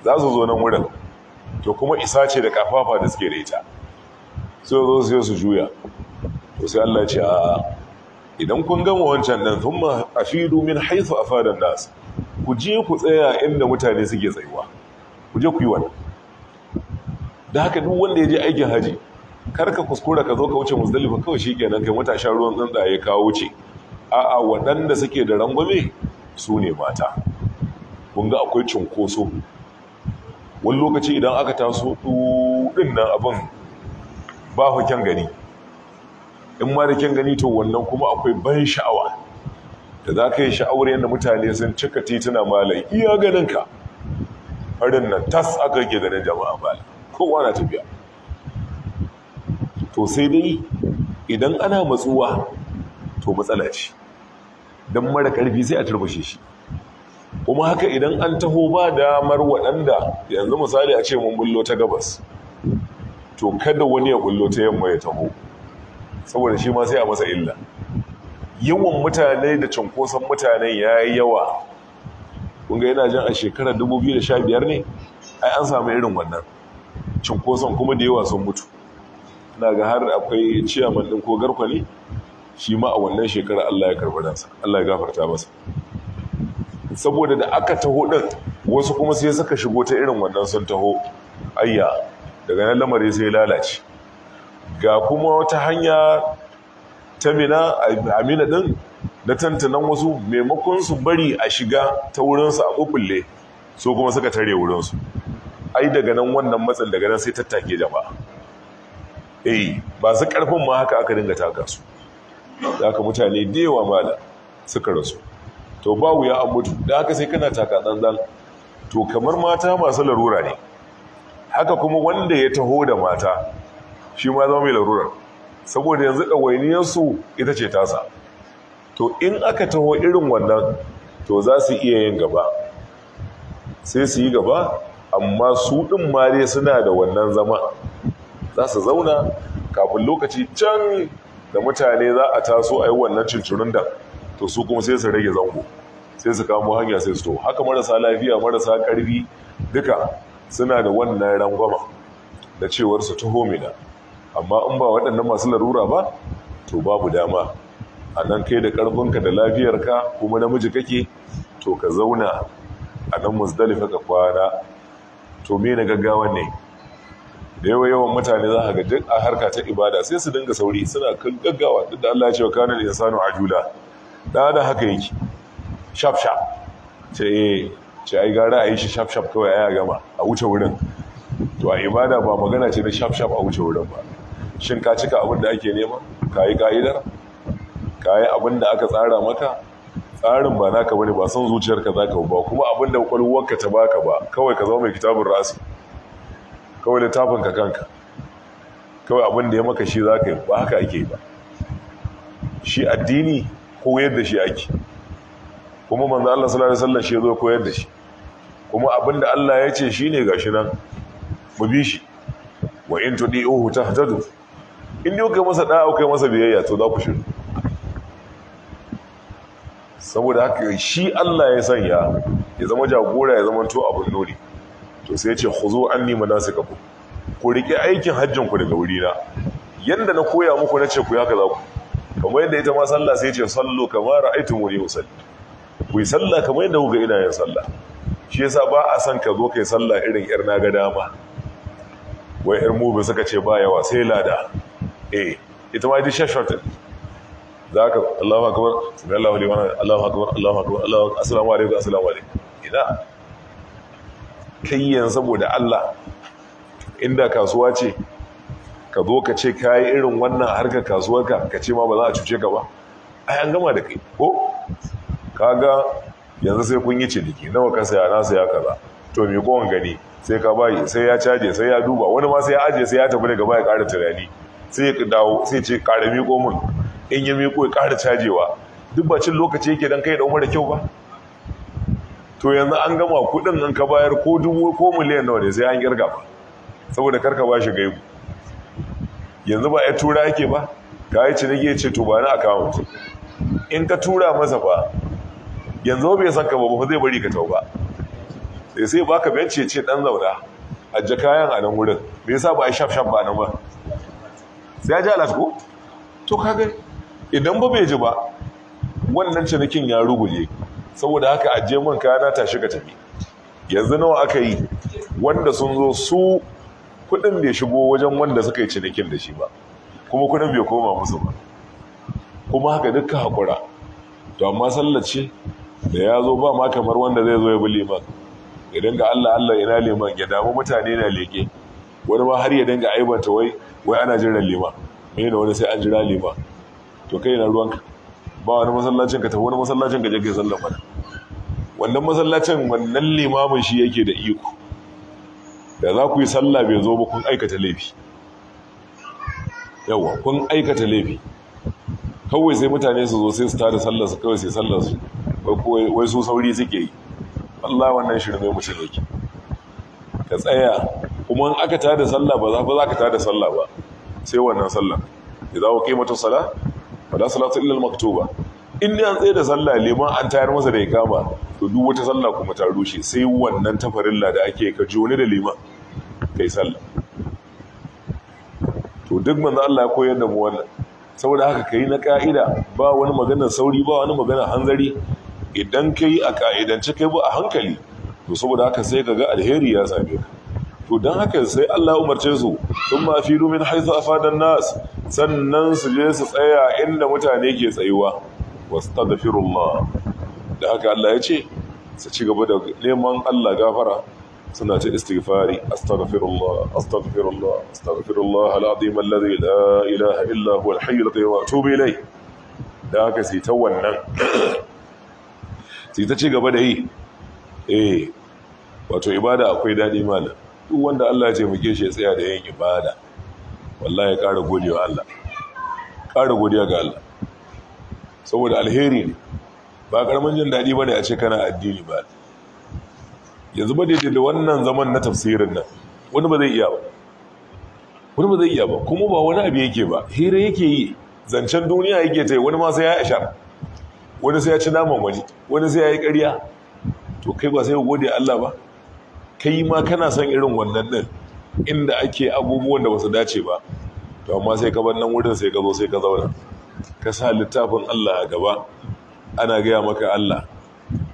za su zo nan wurin to kuma isa ce da kafafa da suke da ita sai zo sai su juya to sai Allah ce a idan kun gama wancan nan thumma afidu min haythu afada nas ku je ku tsaya inda mutane suke tsayuwa ku je ku yi wani da haka duk wanda ya je aikin haji kar ka kuskura ka zo ka wuce muzdalifa kawai nan kai mata ruwan tsuntsaye ka wuce a'a waɗanda suke da rangwame su ne mata kun ga akwai cunkoso wani lokaci idan aka taso ɗin nan abin ba hukken gani in ma da kin gani to wannan kuma akwai ban sha'awa da za ka yi sha'awar yadda mutane sun cika tituna malai iya ganin ka harin nan tas aka ke ganin jama'a malai kowa na tafiya to sai dai idan ana matsuwa to matsala ce don mara karfi sai a turbashe shi kuma haka idan an taho ba damar waɗanda yanzu misali a ce mun bullo ta gabas to kada wani ya bullo ta yamma ya taho saboda shi ma sai a masa illa yawan mutane da cunkoson mutane ya yi yawa kunga yana jan a shekarar 2015 ne ai an samu irin wannan cunkoson kuma da yawa sun mutu na ga har akwai ciyaman ɗin ko garkwani shi ma a wannan shekarar Allah ya karɓi nasa Allah ya gafarta masa saboda da aka taho ɗin wasu kuma sai suka shigo ta irin wannan sun taho ayya daga nan lamari sai lalace ga kuma wata hanya ta mina a mina din na tantanan wasu maimakon su bari a shiga ta wurinsu a kukulle su kuma suka tare wurinsu ai daga nan wannan matsin daga nan sai tattake jama'a eh ba su karfin ma haka aka dinga taka su da aka mutane da yawa mala suka rasu to ba wuya an mutu da haka sai kana taka tsantsan to kamar mata masu larura ne haka kuma wanda ya taho da mata shi ma zama mai larurar saboda yanzu ɗawainiyarsu ita ce tasa to in aka taho irin wannan to za su iya yin gaba sai su yi gaba amma su ɗin ma suna da wannan zama za su zauna kafin lokaci can da mutane za a taso a yi wannan cincirin da to su kuma sai su rage zango sai su kamo hanya sai su to haka marasa lafiya marasa ƙarfi duka suna da wannan rangwama da cewar su taho mina amma in ba waɗannan masu larura ba to babu dama a nan kai da ƙarfinka da lafiyarka kuma namiji kake to ka zauna a nan musdalifa ka kwana to me na gaggawa ne da yawa yawan mutane za a ga duk a harka ta ibada sai su dinga sauri suna kan gaggawa duk da Allah ya ce wa ya insanu ajula da da haka yake shaf shaf ce eh ce ai gara a yi shi shaf shaf kawai ai a gama a wuce wurin to a ibada ba magana ce na shaf shaf a wuce wurin ba shin ka cika abin da ake nema ka yi ka'idar ka yi abin da aka tsara maka tsarin ba naka bane ba son zuciyarka ka ba kuma abin da kwakwalwarka ta baka ba kawai ka zama mai kitabun rasu kawai littafin ka kanka kawai abin da ya maka shi za ka yi ba haka ake ba shi addini koyar da shi ake kuma manzo Allah sallallahu alaihi wasallam shi zo koyar da shi kuma abin da Allah ya ce shi ne gashi nan mu bi shi wa in tudi'uhu tahtadu in dai kai masa ɗaya kai masa biyayya to za ku shiru saboda haka shi Allah ya sanya ya zama jagora ya zama to abin nuri to sai ya ce khuzu anni manasikakum ku rike aikin hajjin ku daga wuri na yanda na koya muku na ce ku haka za ku kamar yadda ita ma sallah sai ce sallu kamar ra'aytumuni usalli ku yi sallah kamar yadda kuka ina yin sallah shi yasa ba a san ka zo kai sallah irin yar na ga dama wai yar mubi suka ce ba yawa sai lada eh ita ma ita shashwata za ka Allahu akabar, sami Allahu liman Allahu akabar, Allahu akabar, Allahu asalamu alaikum asalamu alaikum ina kayyan saboda Allah inda kasuwa ce ka zo ka ce ka yi irin wannan harkar kasuwarka ka ce ma ba za a cuce ka ba ai an gama da kai ko kaga yanzu sai kun yi ciniki nawa ka saya na saya ka za? to me kowan gani sai ka bayi sai ya caje sai ya duba wani ma sai ya aje sai ya tafi daga baya ƙara tunani sai ya dawo sai ce ƙara miƙo mun in ya miƙo ya ƙara cajewa duk ba cin lokaci yake dan kai da umar da kyau ba to yanzu an gama kuɗin in ka bayar ko dubu ko miliyan nawa ne sai an kirga ba saboda karka ba shi gaibu yanzu ba ya tura yake ba ka yi ciniki ya ce to ba na account in ka tura masa ba yanzu bai san ka ba ba zai bari ka tau ba sai sai baka benci ya ce dan zauna ajja kayan a nan wurin me yasa ba a shaf shaf ba nan ba sai ya ji alert to kaga idan ba bai ji ba wannan cinikin ya ruguje saboda haka ajiye mun kayana tashi ka tafi yanzu nawa aka yi wanda sun zo su kudin bai shigo wajen wanda suka yi cinikin da shi ba kuma kudin bai koma musu ba kuma haka dukkan haƙura to amma sallace da ya zo ba ma kamar wanda zai zo ya bi liman ya dinga allah allah ina liman ya damu mutane na leke wani ma har ya dinga aibanta wai wai ana jiran lima mai da wani sai an jira lima to kai na ruwanka ba wani masallacin ka tafi wani masallacin ka je sallar mana wannan masallacin wannan limamin shi yake da iko da za ku yi sallah bai zo ba kun aikata laifi yawa kun aikata laifi kawai sai mutane su zo sai su tada sallar su kawai sai sallar su wai su sauri suke yi Allah wannan shirme mutum yake ka tsaya kuma in aka tada sallah ba za ba za ka tada sallah ba sai wannan sallah idza uqimatus sala da salatu illa al-maktuba in an tsaye da sallah liman an tayar masa da ikama to duk wata sallah kuma ta rushe sai wannan tafarilla da ake ka wani da liman kai sallah to duk manzo Allah ya koyar da mu wannan saboda haka kai na ka'ida ba wani magana sauri ba wani magana hanzari idan kai a ka'idance kai bu a hankali to saboda haka sai ka ga alheri ya same ka to don haka sai Allah umarce su sun mafi fi domin haisu a fadar nas sannan su je su tsaya inda mutane ke tsayuwa wasu ta da da haka Allah ya ce su ci gaba da neman Allah gafara suna ce istighfari astaghfirullah astaghfirullah astaghfirullah alazim alladhi la ilaha illa huwa alhayyul qayyum wa atubu ilayh da haka sai ta wannan sai ta ci gaba da yi eh wato ibada akwai dadi malam duk wanda Allah ya taimake shi ya tsaya da yin ibada wallahi ya ƙara godewa Allah ƙara godiya ga Allah saboda alheri ne ba ƙaramin jin daɗi ba ne a ce kana addini ba yanzu ba daidai da wannan zaman na tafsirin nan wani ba zai iya ba wani ba zai iya ba kuma ba wani abu yake ba hira yake yi zancen duniya yake ta yi wani ma sai ya isha wani sai ya ci naman wani wani sai ya yi ƙarya to kai ba sai ya gode Allah ba kai ma kana son irin wannan din inda ake abubuwan da ba su dace ba to amma sai ka bar nan wurin sai ka zo sai ka zauna ka sa littafin Allah a gaba ana gaya maka Allah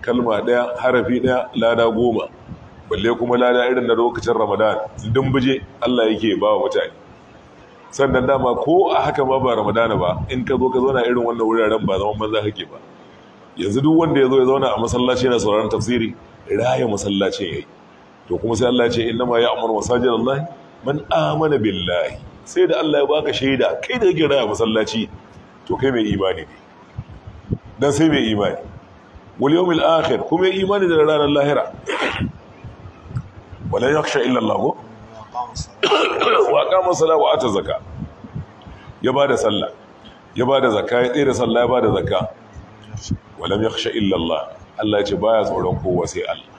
kalma ɗaya harafi ɗaya lada goma balle kuma lada irin na lokacin ramadan dumbuje Allah yake ba wa mutane sannan dama ko a haka ma ba ramadana ba in ka zo ka zauna irin wannan wuraren ba zaman banza kake ba yanzu duk wanda ya zo ya zauna a masallaci yana sauraron tafsiri raya masallacin yayi to kuma sai Allah ya ce innama ya'muru masajid Allah man amana billahi sai da Allah ya baka shaida kai da kake raya masallaci to kai mai imani ne dan sai mai imani wal yawmil akhir kuma imani da ranar lahira wala yakhsha illa Allah wa aqama salat wa ata zakat ya bada sallah ya bada zakka ya tsira sallah ya bada zakka Wala yakhsha illa Allah Allah ya ce baya tsoron kowa sai Allah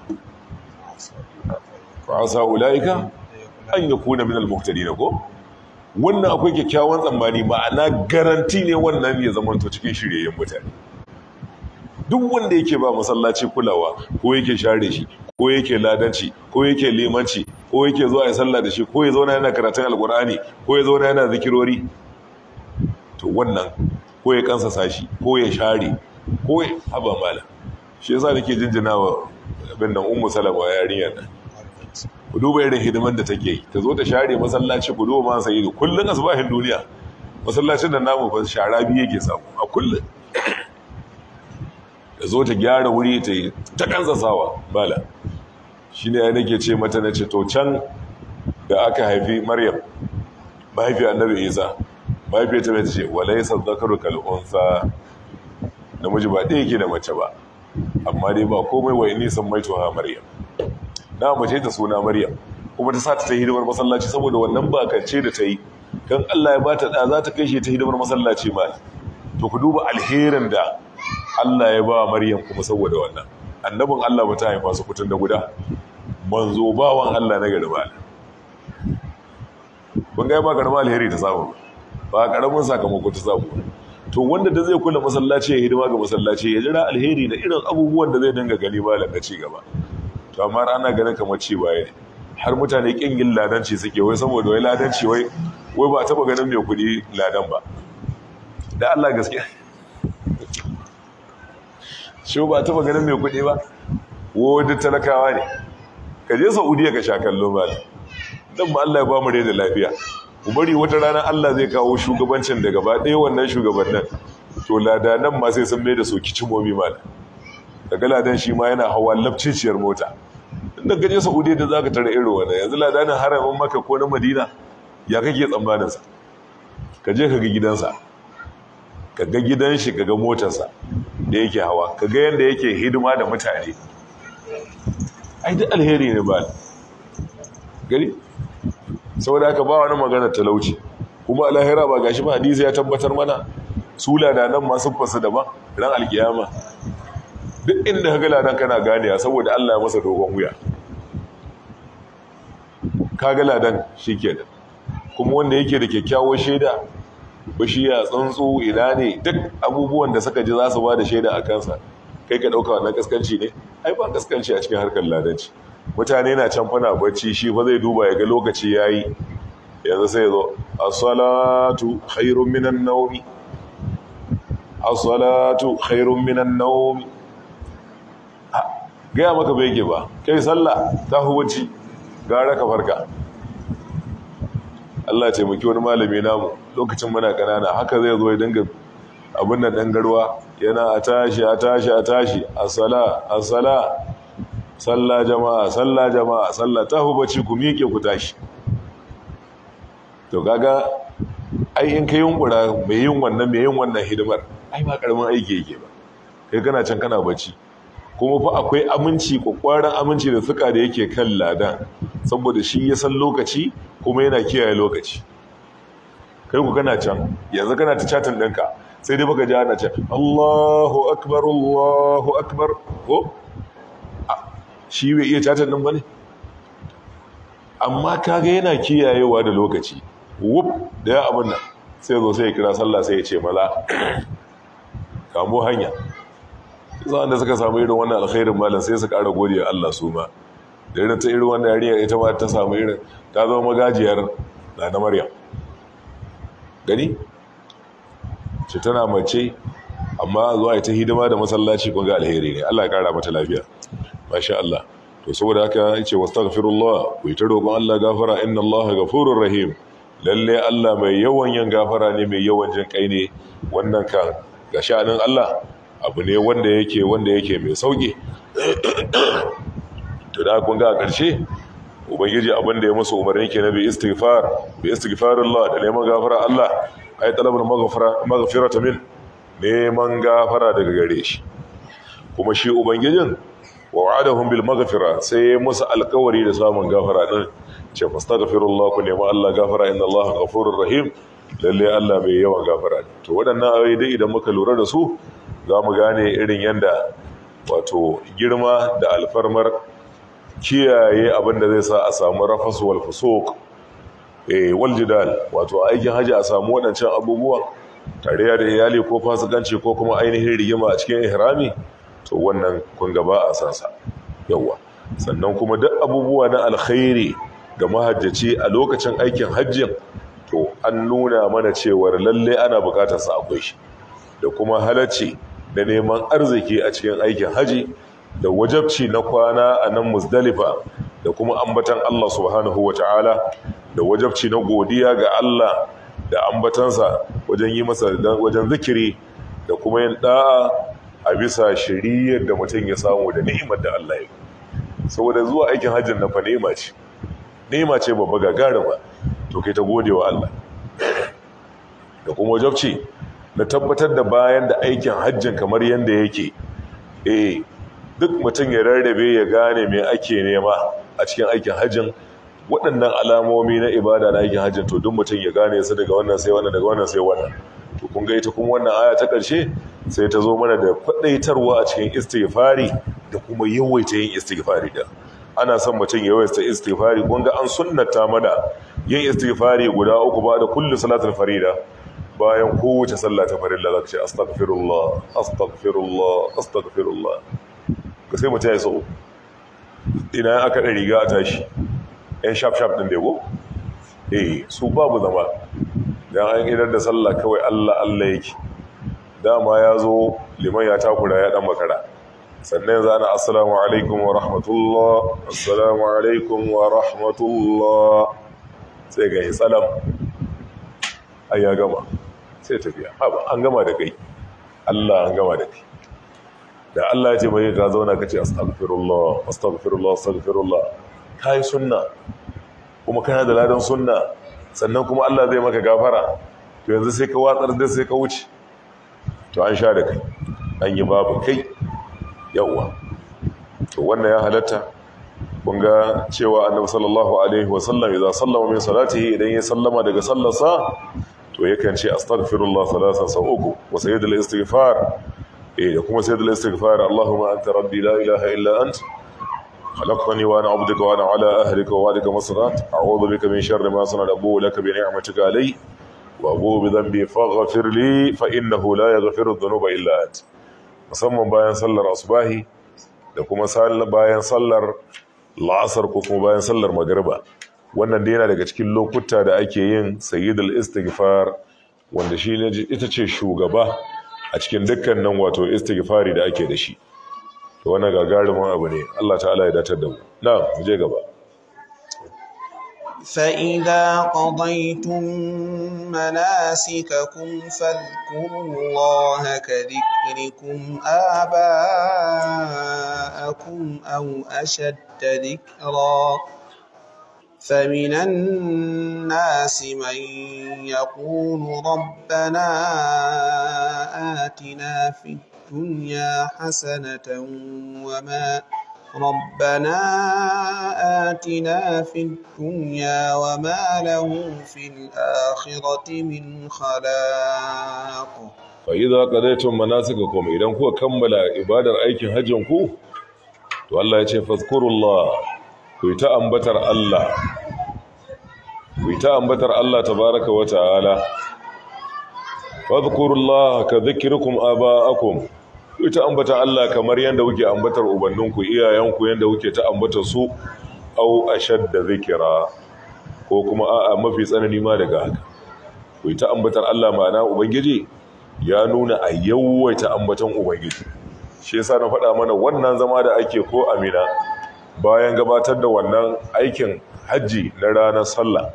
fa asa ulaika an yakuna min al-muhtadin ko wannan akwai kyakkyawan tsammani ma'ana garanti ne wannan ya zama to cikin shiryayyen mutane duk wanda yake ba masallaci kulawa ko yake share shi ko yake ladanci ko yake limanci ko yake zuwa ya sallah da shi ko ya zauna yana karatun alkur'ani ko ya zauna yana zikirori to wannan ko ya kansa sashi ko ya share ko ya haba mala shi yasa nake jinjinawa abin nan ummu salama yarinyar nan ku duba irin hidiman da take yi ta zo ta share masallaci ku duba man Da kullun asbahin duniya masallacin da namu ba shara biye yake samu a kullun ta zo ta gyara wuri ta yi ta kansasawa bala ne ya nake ce mata ce to can da aka haifi maryam mahaifi annabi isa mahaifi ta ce walai sadakar kal'unsa namiji ba ɗaya ke da mace ba amma dai ba komai wa nisan mai tuwa maryam na mace ta suna maryam kuma ta sa ta hidimar masallaci saboda wannan bakance da ta yi kan Allah ya bata da za ta kai shi ta hidimar masallaci ma to ku duba alherin da Allah ya ba maryam kuma saboda wannan annabin Allah ba ta haifa su kutun da guda manzo bawan Allah na gari ba kun ga ba karama alheri ta samu ba karamin sakamako ta samu to wanda da zai kula masallaci ya hidima ga masallaci ya jira alheri da irin abubuwan da zai dinga gani malam lalle ci gaba to amma ana ganin kamar ci baya har mutane kin gin ladanci suke wai saboda wai ladanci wai wai ba taba ganin mai kudi ladan ba da Allah gaskiya shi ba taba ganin mai kudi ba wanda talakawa ne ka je Saudiya ka sha kallo ba dan ba Allah ya ba mu da lafiya ku bari wata rana Allah zai kawo shugabancin da gaba ɗaya wannan shugabannin to ladanan ma sai sun mai da soki cimomi da daga ladan shi ma yana hawa lafciciyar mota inda gaje saudiya da ka tara irin wannan yanzu Ladanan haramin maka ko na madina ya kake tsammanin sa ka je ka ga gidansa ka ga gidan shi ka ga motarsa da yake hawa ka ga yanda yake hidima da mutane ai duk alheri ne ba gari saboda haka ba wani magana talauci kuma alahira lahira ba gashi ba hadisi ya tabbatar mana sula da nan masu fasa daban ran alkiyama duk inda kaga ladan kana ganiya saboda Allah ya masa dogon wuya kaga ladan shikenan kuma wanda yake da kyakkyawar shaida ya tsuntsu ina ne duk abubuwan da suka ji za su ba da shaida a kansa kai ka ɗauka wannan kaskanci ne ai ba kaskanci a cikin harkar ladanci mutane na can fana bacci shi ba zai duba ya ga lokaci ya yi. yanzu sai zo Asalatu, khairun minan nawmi Asalatu, khairun minan nawmi gaya maka bai ba kai sallah ta huwaci gara ka farka Allah ce muke wani malami namu lokacin muna kanana haka zai zo ya dinga abin da dangarwa yana a tashi a tashi a tashi a sala a sala sallah jama'a sallah jama'a sallah ta bacci ku miƙe ku tashi to kaga ai in ka yunkura mai yin wannan mai yin wannan hidimar ai ba karamin aiki yake ba kai kana can kana bacci kuma fa akwai aminci kwakwaran aminci da suka da yake kan ladan saboda shi ya san lokaci kuma yana kiyaye lokaci kai ku kana can yanzu kana ta chatin ɗinka sai dai baka ji ana can Allahu akbar Allahu akbar ko shi bai iya catar nan bane amma kaga yana kiyayewa da lokaci wuf da ya abin nan sai zo sai ya kira sallah sai ya ce maza kamo hanya zuwan da suka samu irin wannan alkhairin malam sai su ƙara godiya Allah su ma da irin ta irin wannan yariya ita ma ta samu irin ta zama magajiyar na na Maryam gani ce tana mace amma zuwa ita hidima da masallaci kun ga alheri ne Allah ya ƙara mata lafiya masha Allah to saboda haka yace wastaghfirullah ku yi ta roƙon Allah gafara inna Allah ghafurur rahim lalle Allah mai yawan yin gafara ne mai yawan jin kai ne wannan kan ga sha'anin Allah abu ne wanda yake wanda yake mai sauki to da kun ga karshe ubangiji abin da ya musu umarni ke nabi istighfar bi istighfarullah da neman gafara Allah ai talabul maghfira maghfirata min neman gafara daga gare shi kuma shi ubangijin wa wa'adahum bil maghfira sai ya musu alkawari da samun gafara din ce fastaghfirullah ku nemi Allah gafara inna Allah ghafurur rahim lalle Allah mai yawan gafara to waɗannan ayoyi dai idan muka lura da su za mu gane irin yanda wato girma da alfarmar kiyaye abin da zai sa a samu rafasu wal fusuq eh wal jidal wato aikin haji a samu waɗancan abubuwa? tare da iyali ko fasikanci ko kuma ainihin rigima a cikin ihrami to wannan kun gaba a sansa yawa sannan kuma duk abubuwa na alkhairi ga mahajjaci a lokacin aikin hajjin to an nuna mana cewar lalle ana bukatar sa akwai shi da kuma halacci da neman arziki a cikin aikin haji da wajabci na kwana a nan musdalifa da kuma ambatan Allah subhanahu wata'ala da wajabci na godiya ga Allah da ambatansa wajen yi masa wajen zikiri da kuma yin da'a a bisa shiriyar da mutum ya samu da ni'imar da Allah ya saboda zuwa aikin hajjin na fa ni'ima ce ni'ima ce babba ba. to kai ta gode wa Allah da kuma wajabci na tabbatar da bayan da aikin hajjin kamar yadda yake eh duk mutum ya rarrabe ya gane me ake nema a cikin aikin hajjin waɗannan alamomi na ibada na aikin hajjin to duk mutum ya gane su daga wannan sai wannan daga wannan sai wannan to kun ga ita kuma wannan aya ta ƙarshe sai ta zo mana da faɗaitarwa a cikin istighfari da kuma yawaita yin istighfari da ana son mutum ya yawaita istighfari kun ga an sunnata mana yin istighfari guda uku ba da kullu salatul farida bayan kowace sallah ta farilla zaka ce astaghfirullah astaghfirullah astaghfirullah ka sai mutum ya so ina aka da riga a tashi yan shaf shaf din da yago eh su babu zama dan an idar da sallah kawai Allah Allah yake dama ya zo liman ya takura ya dan makara sannan yanzu ana assalamu alaikum wa rahmatullah assalamu alaikum wa rahmatullah sai ga yi salam ai ya gama sai tafiya haba an gama da kai Allah an gama da kai da Allah ya ce bai ka zauna kace astaghfirullah astaghfirullah astaghfirullah kai sunna kuma kana da ladan sunna sannan kuma Allah zai maka gafara to yanzu sai ka watsar da sai ka wuce to an sha da kai an yi babu kai yawwa to wannan ya halatta kun ga cewa annabi sallallahu alaihi wa sallam idan sallama min salatihi idan ya sallama daga sallarsa to yakan ce astaghfirullah salasa sau uku wa sayyidul istighfar eh da kuma sayyidul istighfar allahumma anta rabbi la ilaha illa anta خلقتني وانا عبدك وانا على اهلك ووالدك مصرات اعوذ بك من شر ما صنع ابوه لك بنعمتك علي fa inna hula ya فإنه لا يغفر الذنوب إلا أنت musamman bayan sallar asubahi da kuma bayan sallar la'asar ko kuma bayan sallar magriba wannan da yana daga cikin lokuta da ake yin sayidul istighfar wanda shi ne ita ce shugaba a cikin dukkanin wato istighfari da ake da shi to wannan gagarumin abu ne Allah ta'ala ya datar da mu na mu je gaba فإذا قضيتم مناسككم فاذكروا الله كذكركم آباءكم أو أشد ذكرا فمن الناس من يقول ربنا آتنا في الدنيا حسنة وما ربنا آتنا في الدنيا وما له في الآخرة من خلاق فإذا قضيتم مناسككم إذا كو كمل عبادة أيكن هجنكو to Allah ya ce fazkurullah ku yi ta ambatar Allah ambatar Allah tabaraka wa ta'ala fazkurullah ka zikirkum aba'akum ita ambata Allah kamar yadda kuke ambatar ubanninku iyayenku yadda kuke ta ambata su au ashadda zikira ko kuma a'a mafi tsanani ma daga haka ku ta ambatar Allah ma'ana ubangiji ya nuna a yawaita ambatan ubangiji shi yasa na faɗa mana wannan zama da ake ko amina bayan gabatar da wannan aikin hajji na ranar sallah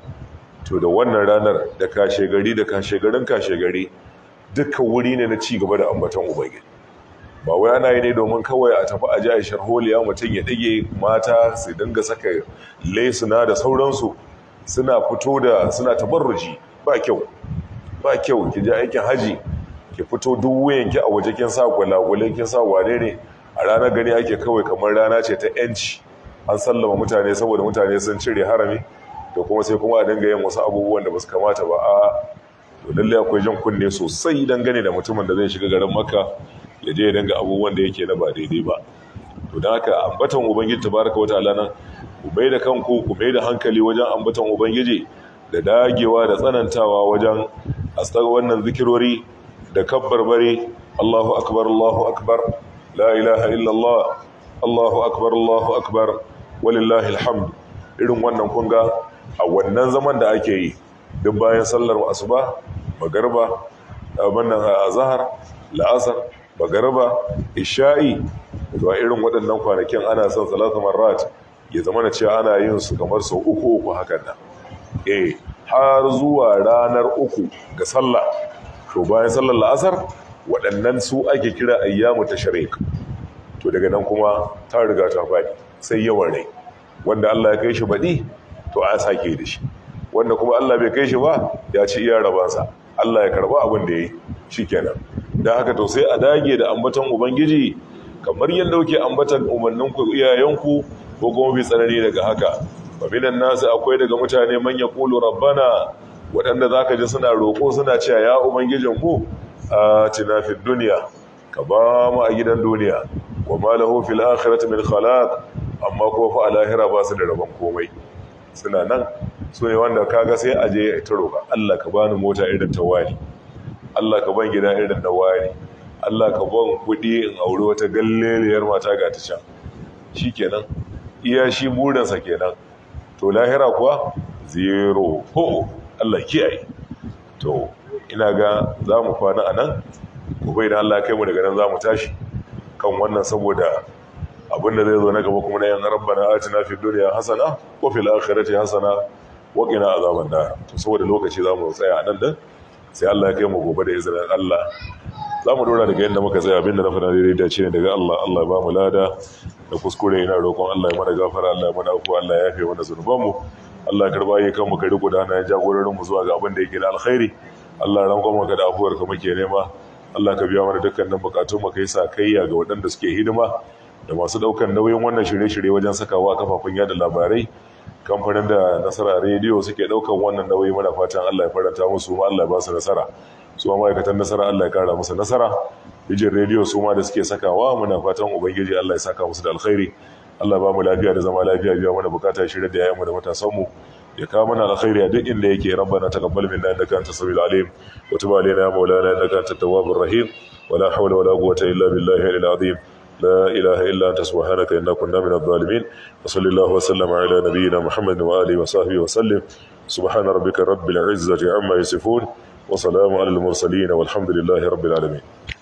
to da wannan ranar da kashe gari da kashe garin kashe gari duka wuri ne na ci gaba da ambatan ubangiji ba wai ana yi ne domin kawai a tafi a jihar a sharholiya mutum ya ɗage mata su dinga saka laisuna da sauransu suna fito da suna tabarruji ba kyau ba kyau ki ji aikin haji ki fito duk wuyanki a waje kin sa gwalagwale kin sa wane ne a ranar gani ake kawai kamar rana ce ta yanci an sallama mutane saboda mutane sun cire harami da kuma sai kuma a dinga yin wasu abubuwan da ba su kamata ba a to lallai akwai jan kunne sosai dangane da mutumin da zai shiga garin makka ya je ya danga abubuwan da yake na ba daidai ba to don haka ambatan ubangiji tabaraka wa ta'ala nan ku bai da kanku ku bai da hankali wajen ambatan ubangiji da dagewa da tsanantawa wajen astaga wannan zikirori da kabbarbare Allahu akbar Allahu akbar la ilaha illallah Allahu akbar Allahu akbar walillahi alhamd irin wannan kunga a wannan zaman da ake yi duk bayan sallar asuba magarba abin nan zahar la'asar Bagarba, isha'i zuwa irin waɗannan kwanakin ana son salatu marrat ya zama na cewa ana yin su kamar sau uku uku hakan nan eh har zuwa ranar uku ga sallah to bayan sallar la'asar waɗannan su ake kira ayyamu ta tashrik to daga nan kuma ta riga ta faɗi sai yawan rai wanda Allah ya kai shi baɗi to a sake da shi wanda kuma Allah bai kai shi ba ya ci iya rabansa Allah ya karba abin da ya yi kenan. da haka to sai a dage da ambatan ubangiji kamar yadda kuke ambatan umarnin ku iyayenku ko kuma bi tsanani daga haka minan nasu akwai daga mutane manyan kulu rabbana waɗanda za ka ji suna roƙo suna cewa ya ubangijin ku a tinafin duniya ka ba mu a gidan duniya wa ma lahu fil akhirati min khalaq amma ko fa a lahira ba su da rabon komai suna nan su ne wanda kaga sai aje ta roƙa Allah ka bani mota irin ta wani Allah ka ban gida irin da wari Allah ka ban kuɗi in auri wata galleliyar mata ga ta can shi kenan iya shi burinsa kenan to lahira kuwa zero ho Allah kiyaye to ina ga za mu kwana a nan gobe idan Allah kai mu daga nan za mu tashi kan wannan saboda abin da zai zo na gaba kuma na yan rabbana atina fid dunya hasana wa fil akhirati hasana wa qina azaban nar to saboda lokaci za mu tsaya a nan din sai Allah ya kai mu gobe da izinin Allah za mu dora daga yadda muka tsaya abinda na fara daidai da ce ne daga Allah Allah ba mu lada da kuskure yana roƙon Allah ya mana gafara Allah ya mana afuwa Allah ya yafe mana zunuban mu Allah ya karba yi kan mu kari gudana ya jagororin mu zuwa ga abin da yake da alkhairi Allah ya ranko ka da afuwar ka muke nema Allah ka biya mana dukkanin bukatun mu kai sakayya ga waɗanda suke hidima da masu ɗaukan nauyin wannan shirye-shirye wajen sakawa a kafafen yada labarai kamfanin da nasara rediyo suke ɗaukan wannan nauyi mana fatan allah ya faranta musu kuma allah ya ba su nasara su ma ma'aikatan nasara allah ya kara musu nasara ijin rediyo su ma da suke sakawa muna fatan ubangiji allah ya saka musu da alkhairi allah ba mu lafiya da zama lafiya biya mana bukata shirya da mu da matasanmu ya kawo mana alkhairi a duk inda yake rabbana taqabbal minna innaka antas samiul alim wa tub alayna ya maulana innaka antat tawwabur rahim wala hawla wala quwwata illa billahi al-azim لا إله إلا أنت سبحانك إنا كنا من الظالمين وصلى الله وسلم على نبينا محمد وآله وصحبه وسلم سبحان ربك رب العزة عما يصفون وسلام على المرسلين والحمد لله رب العالمين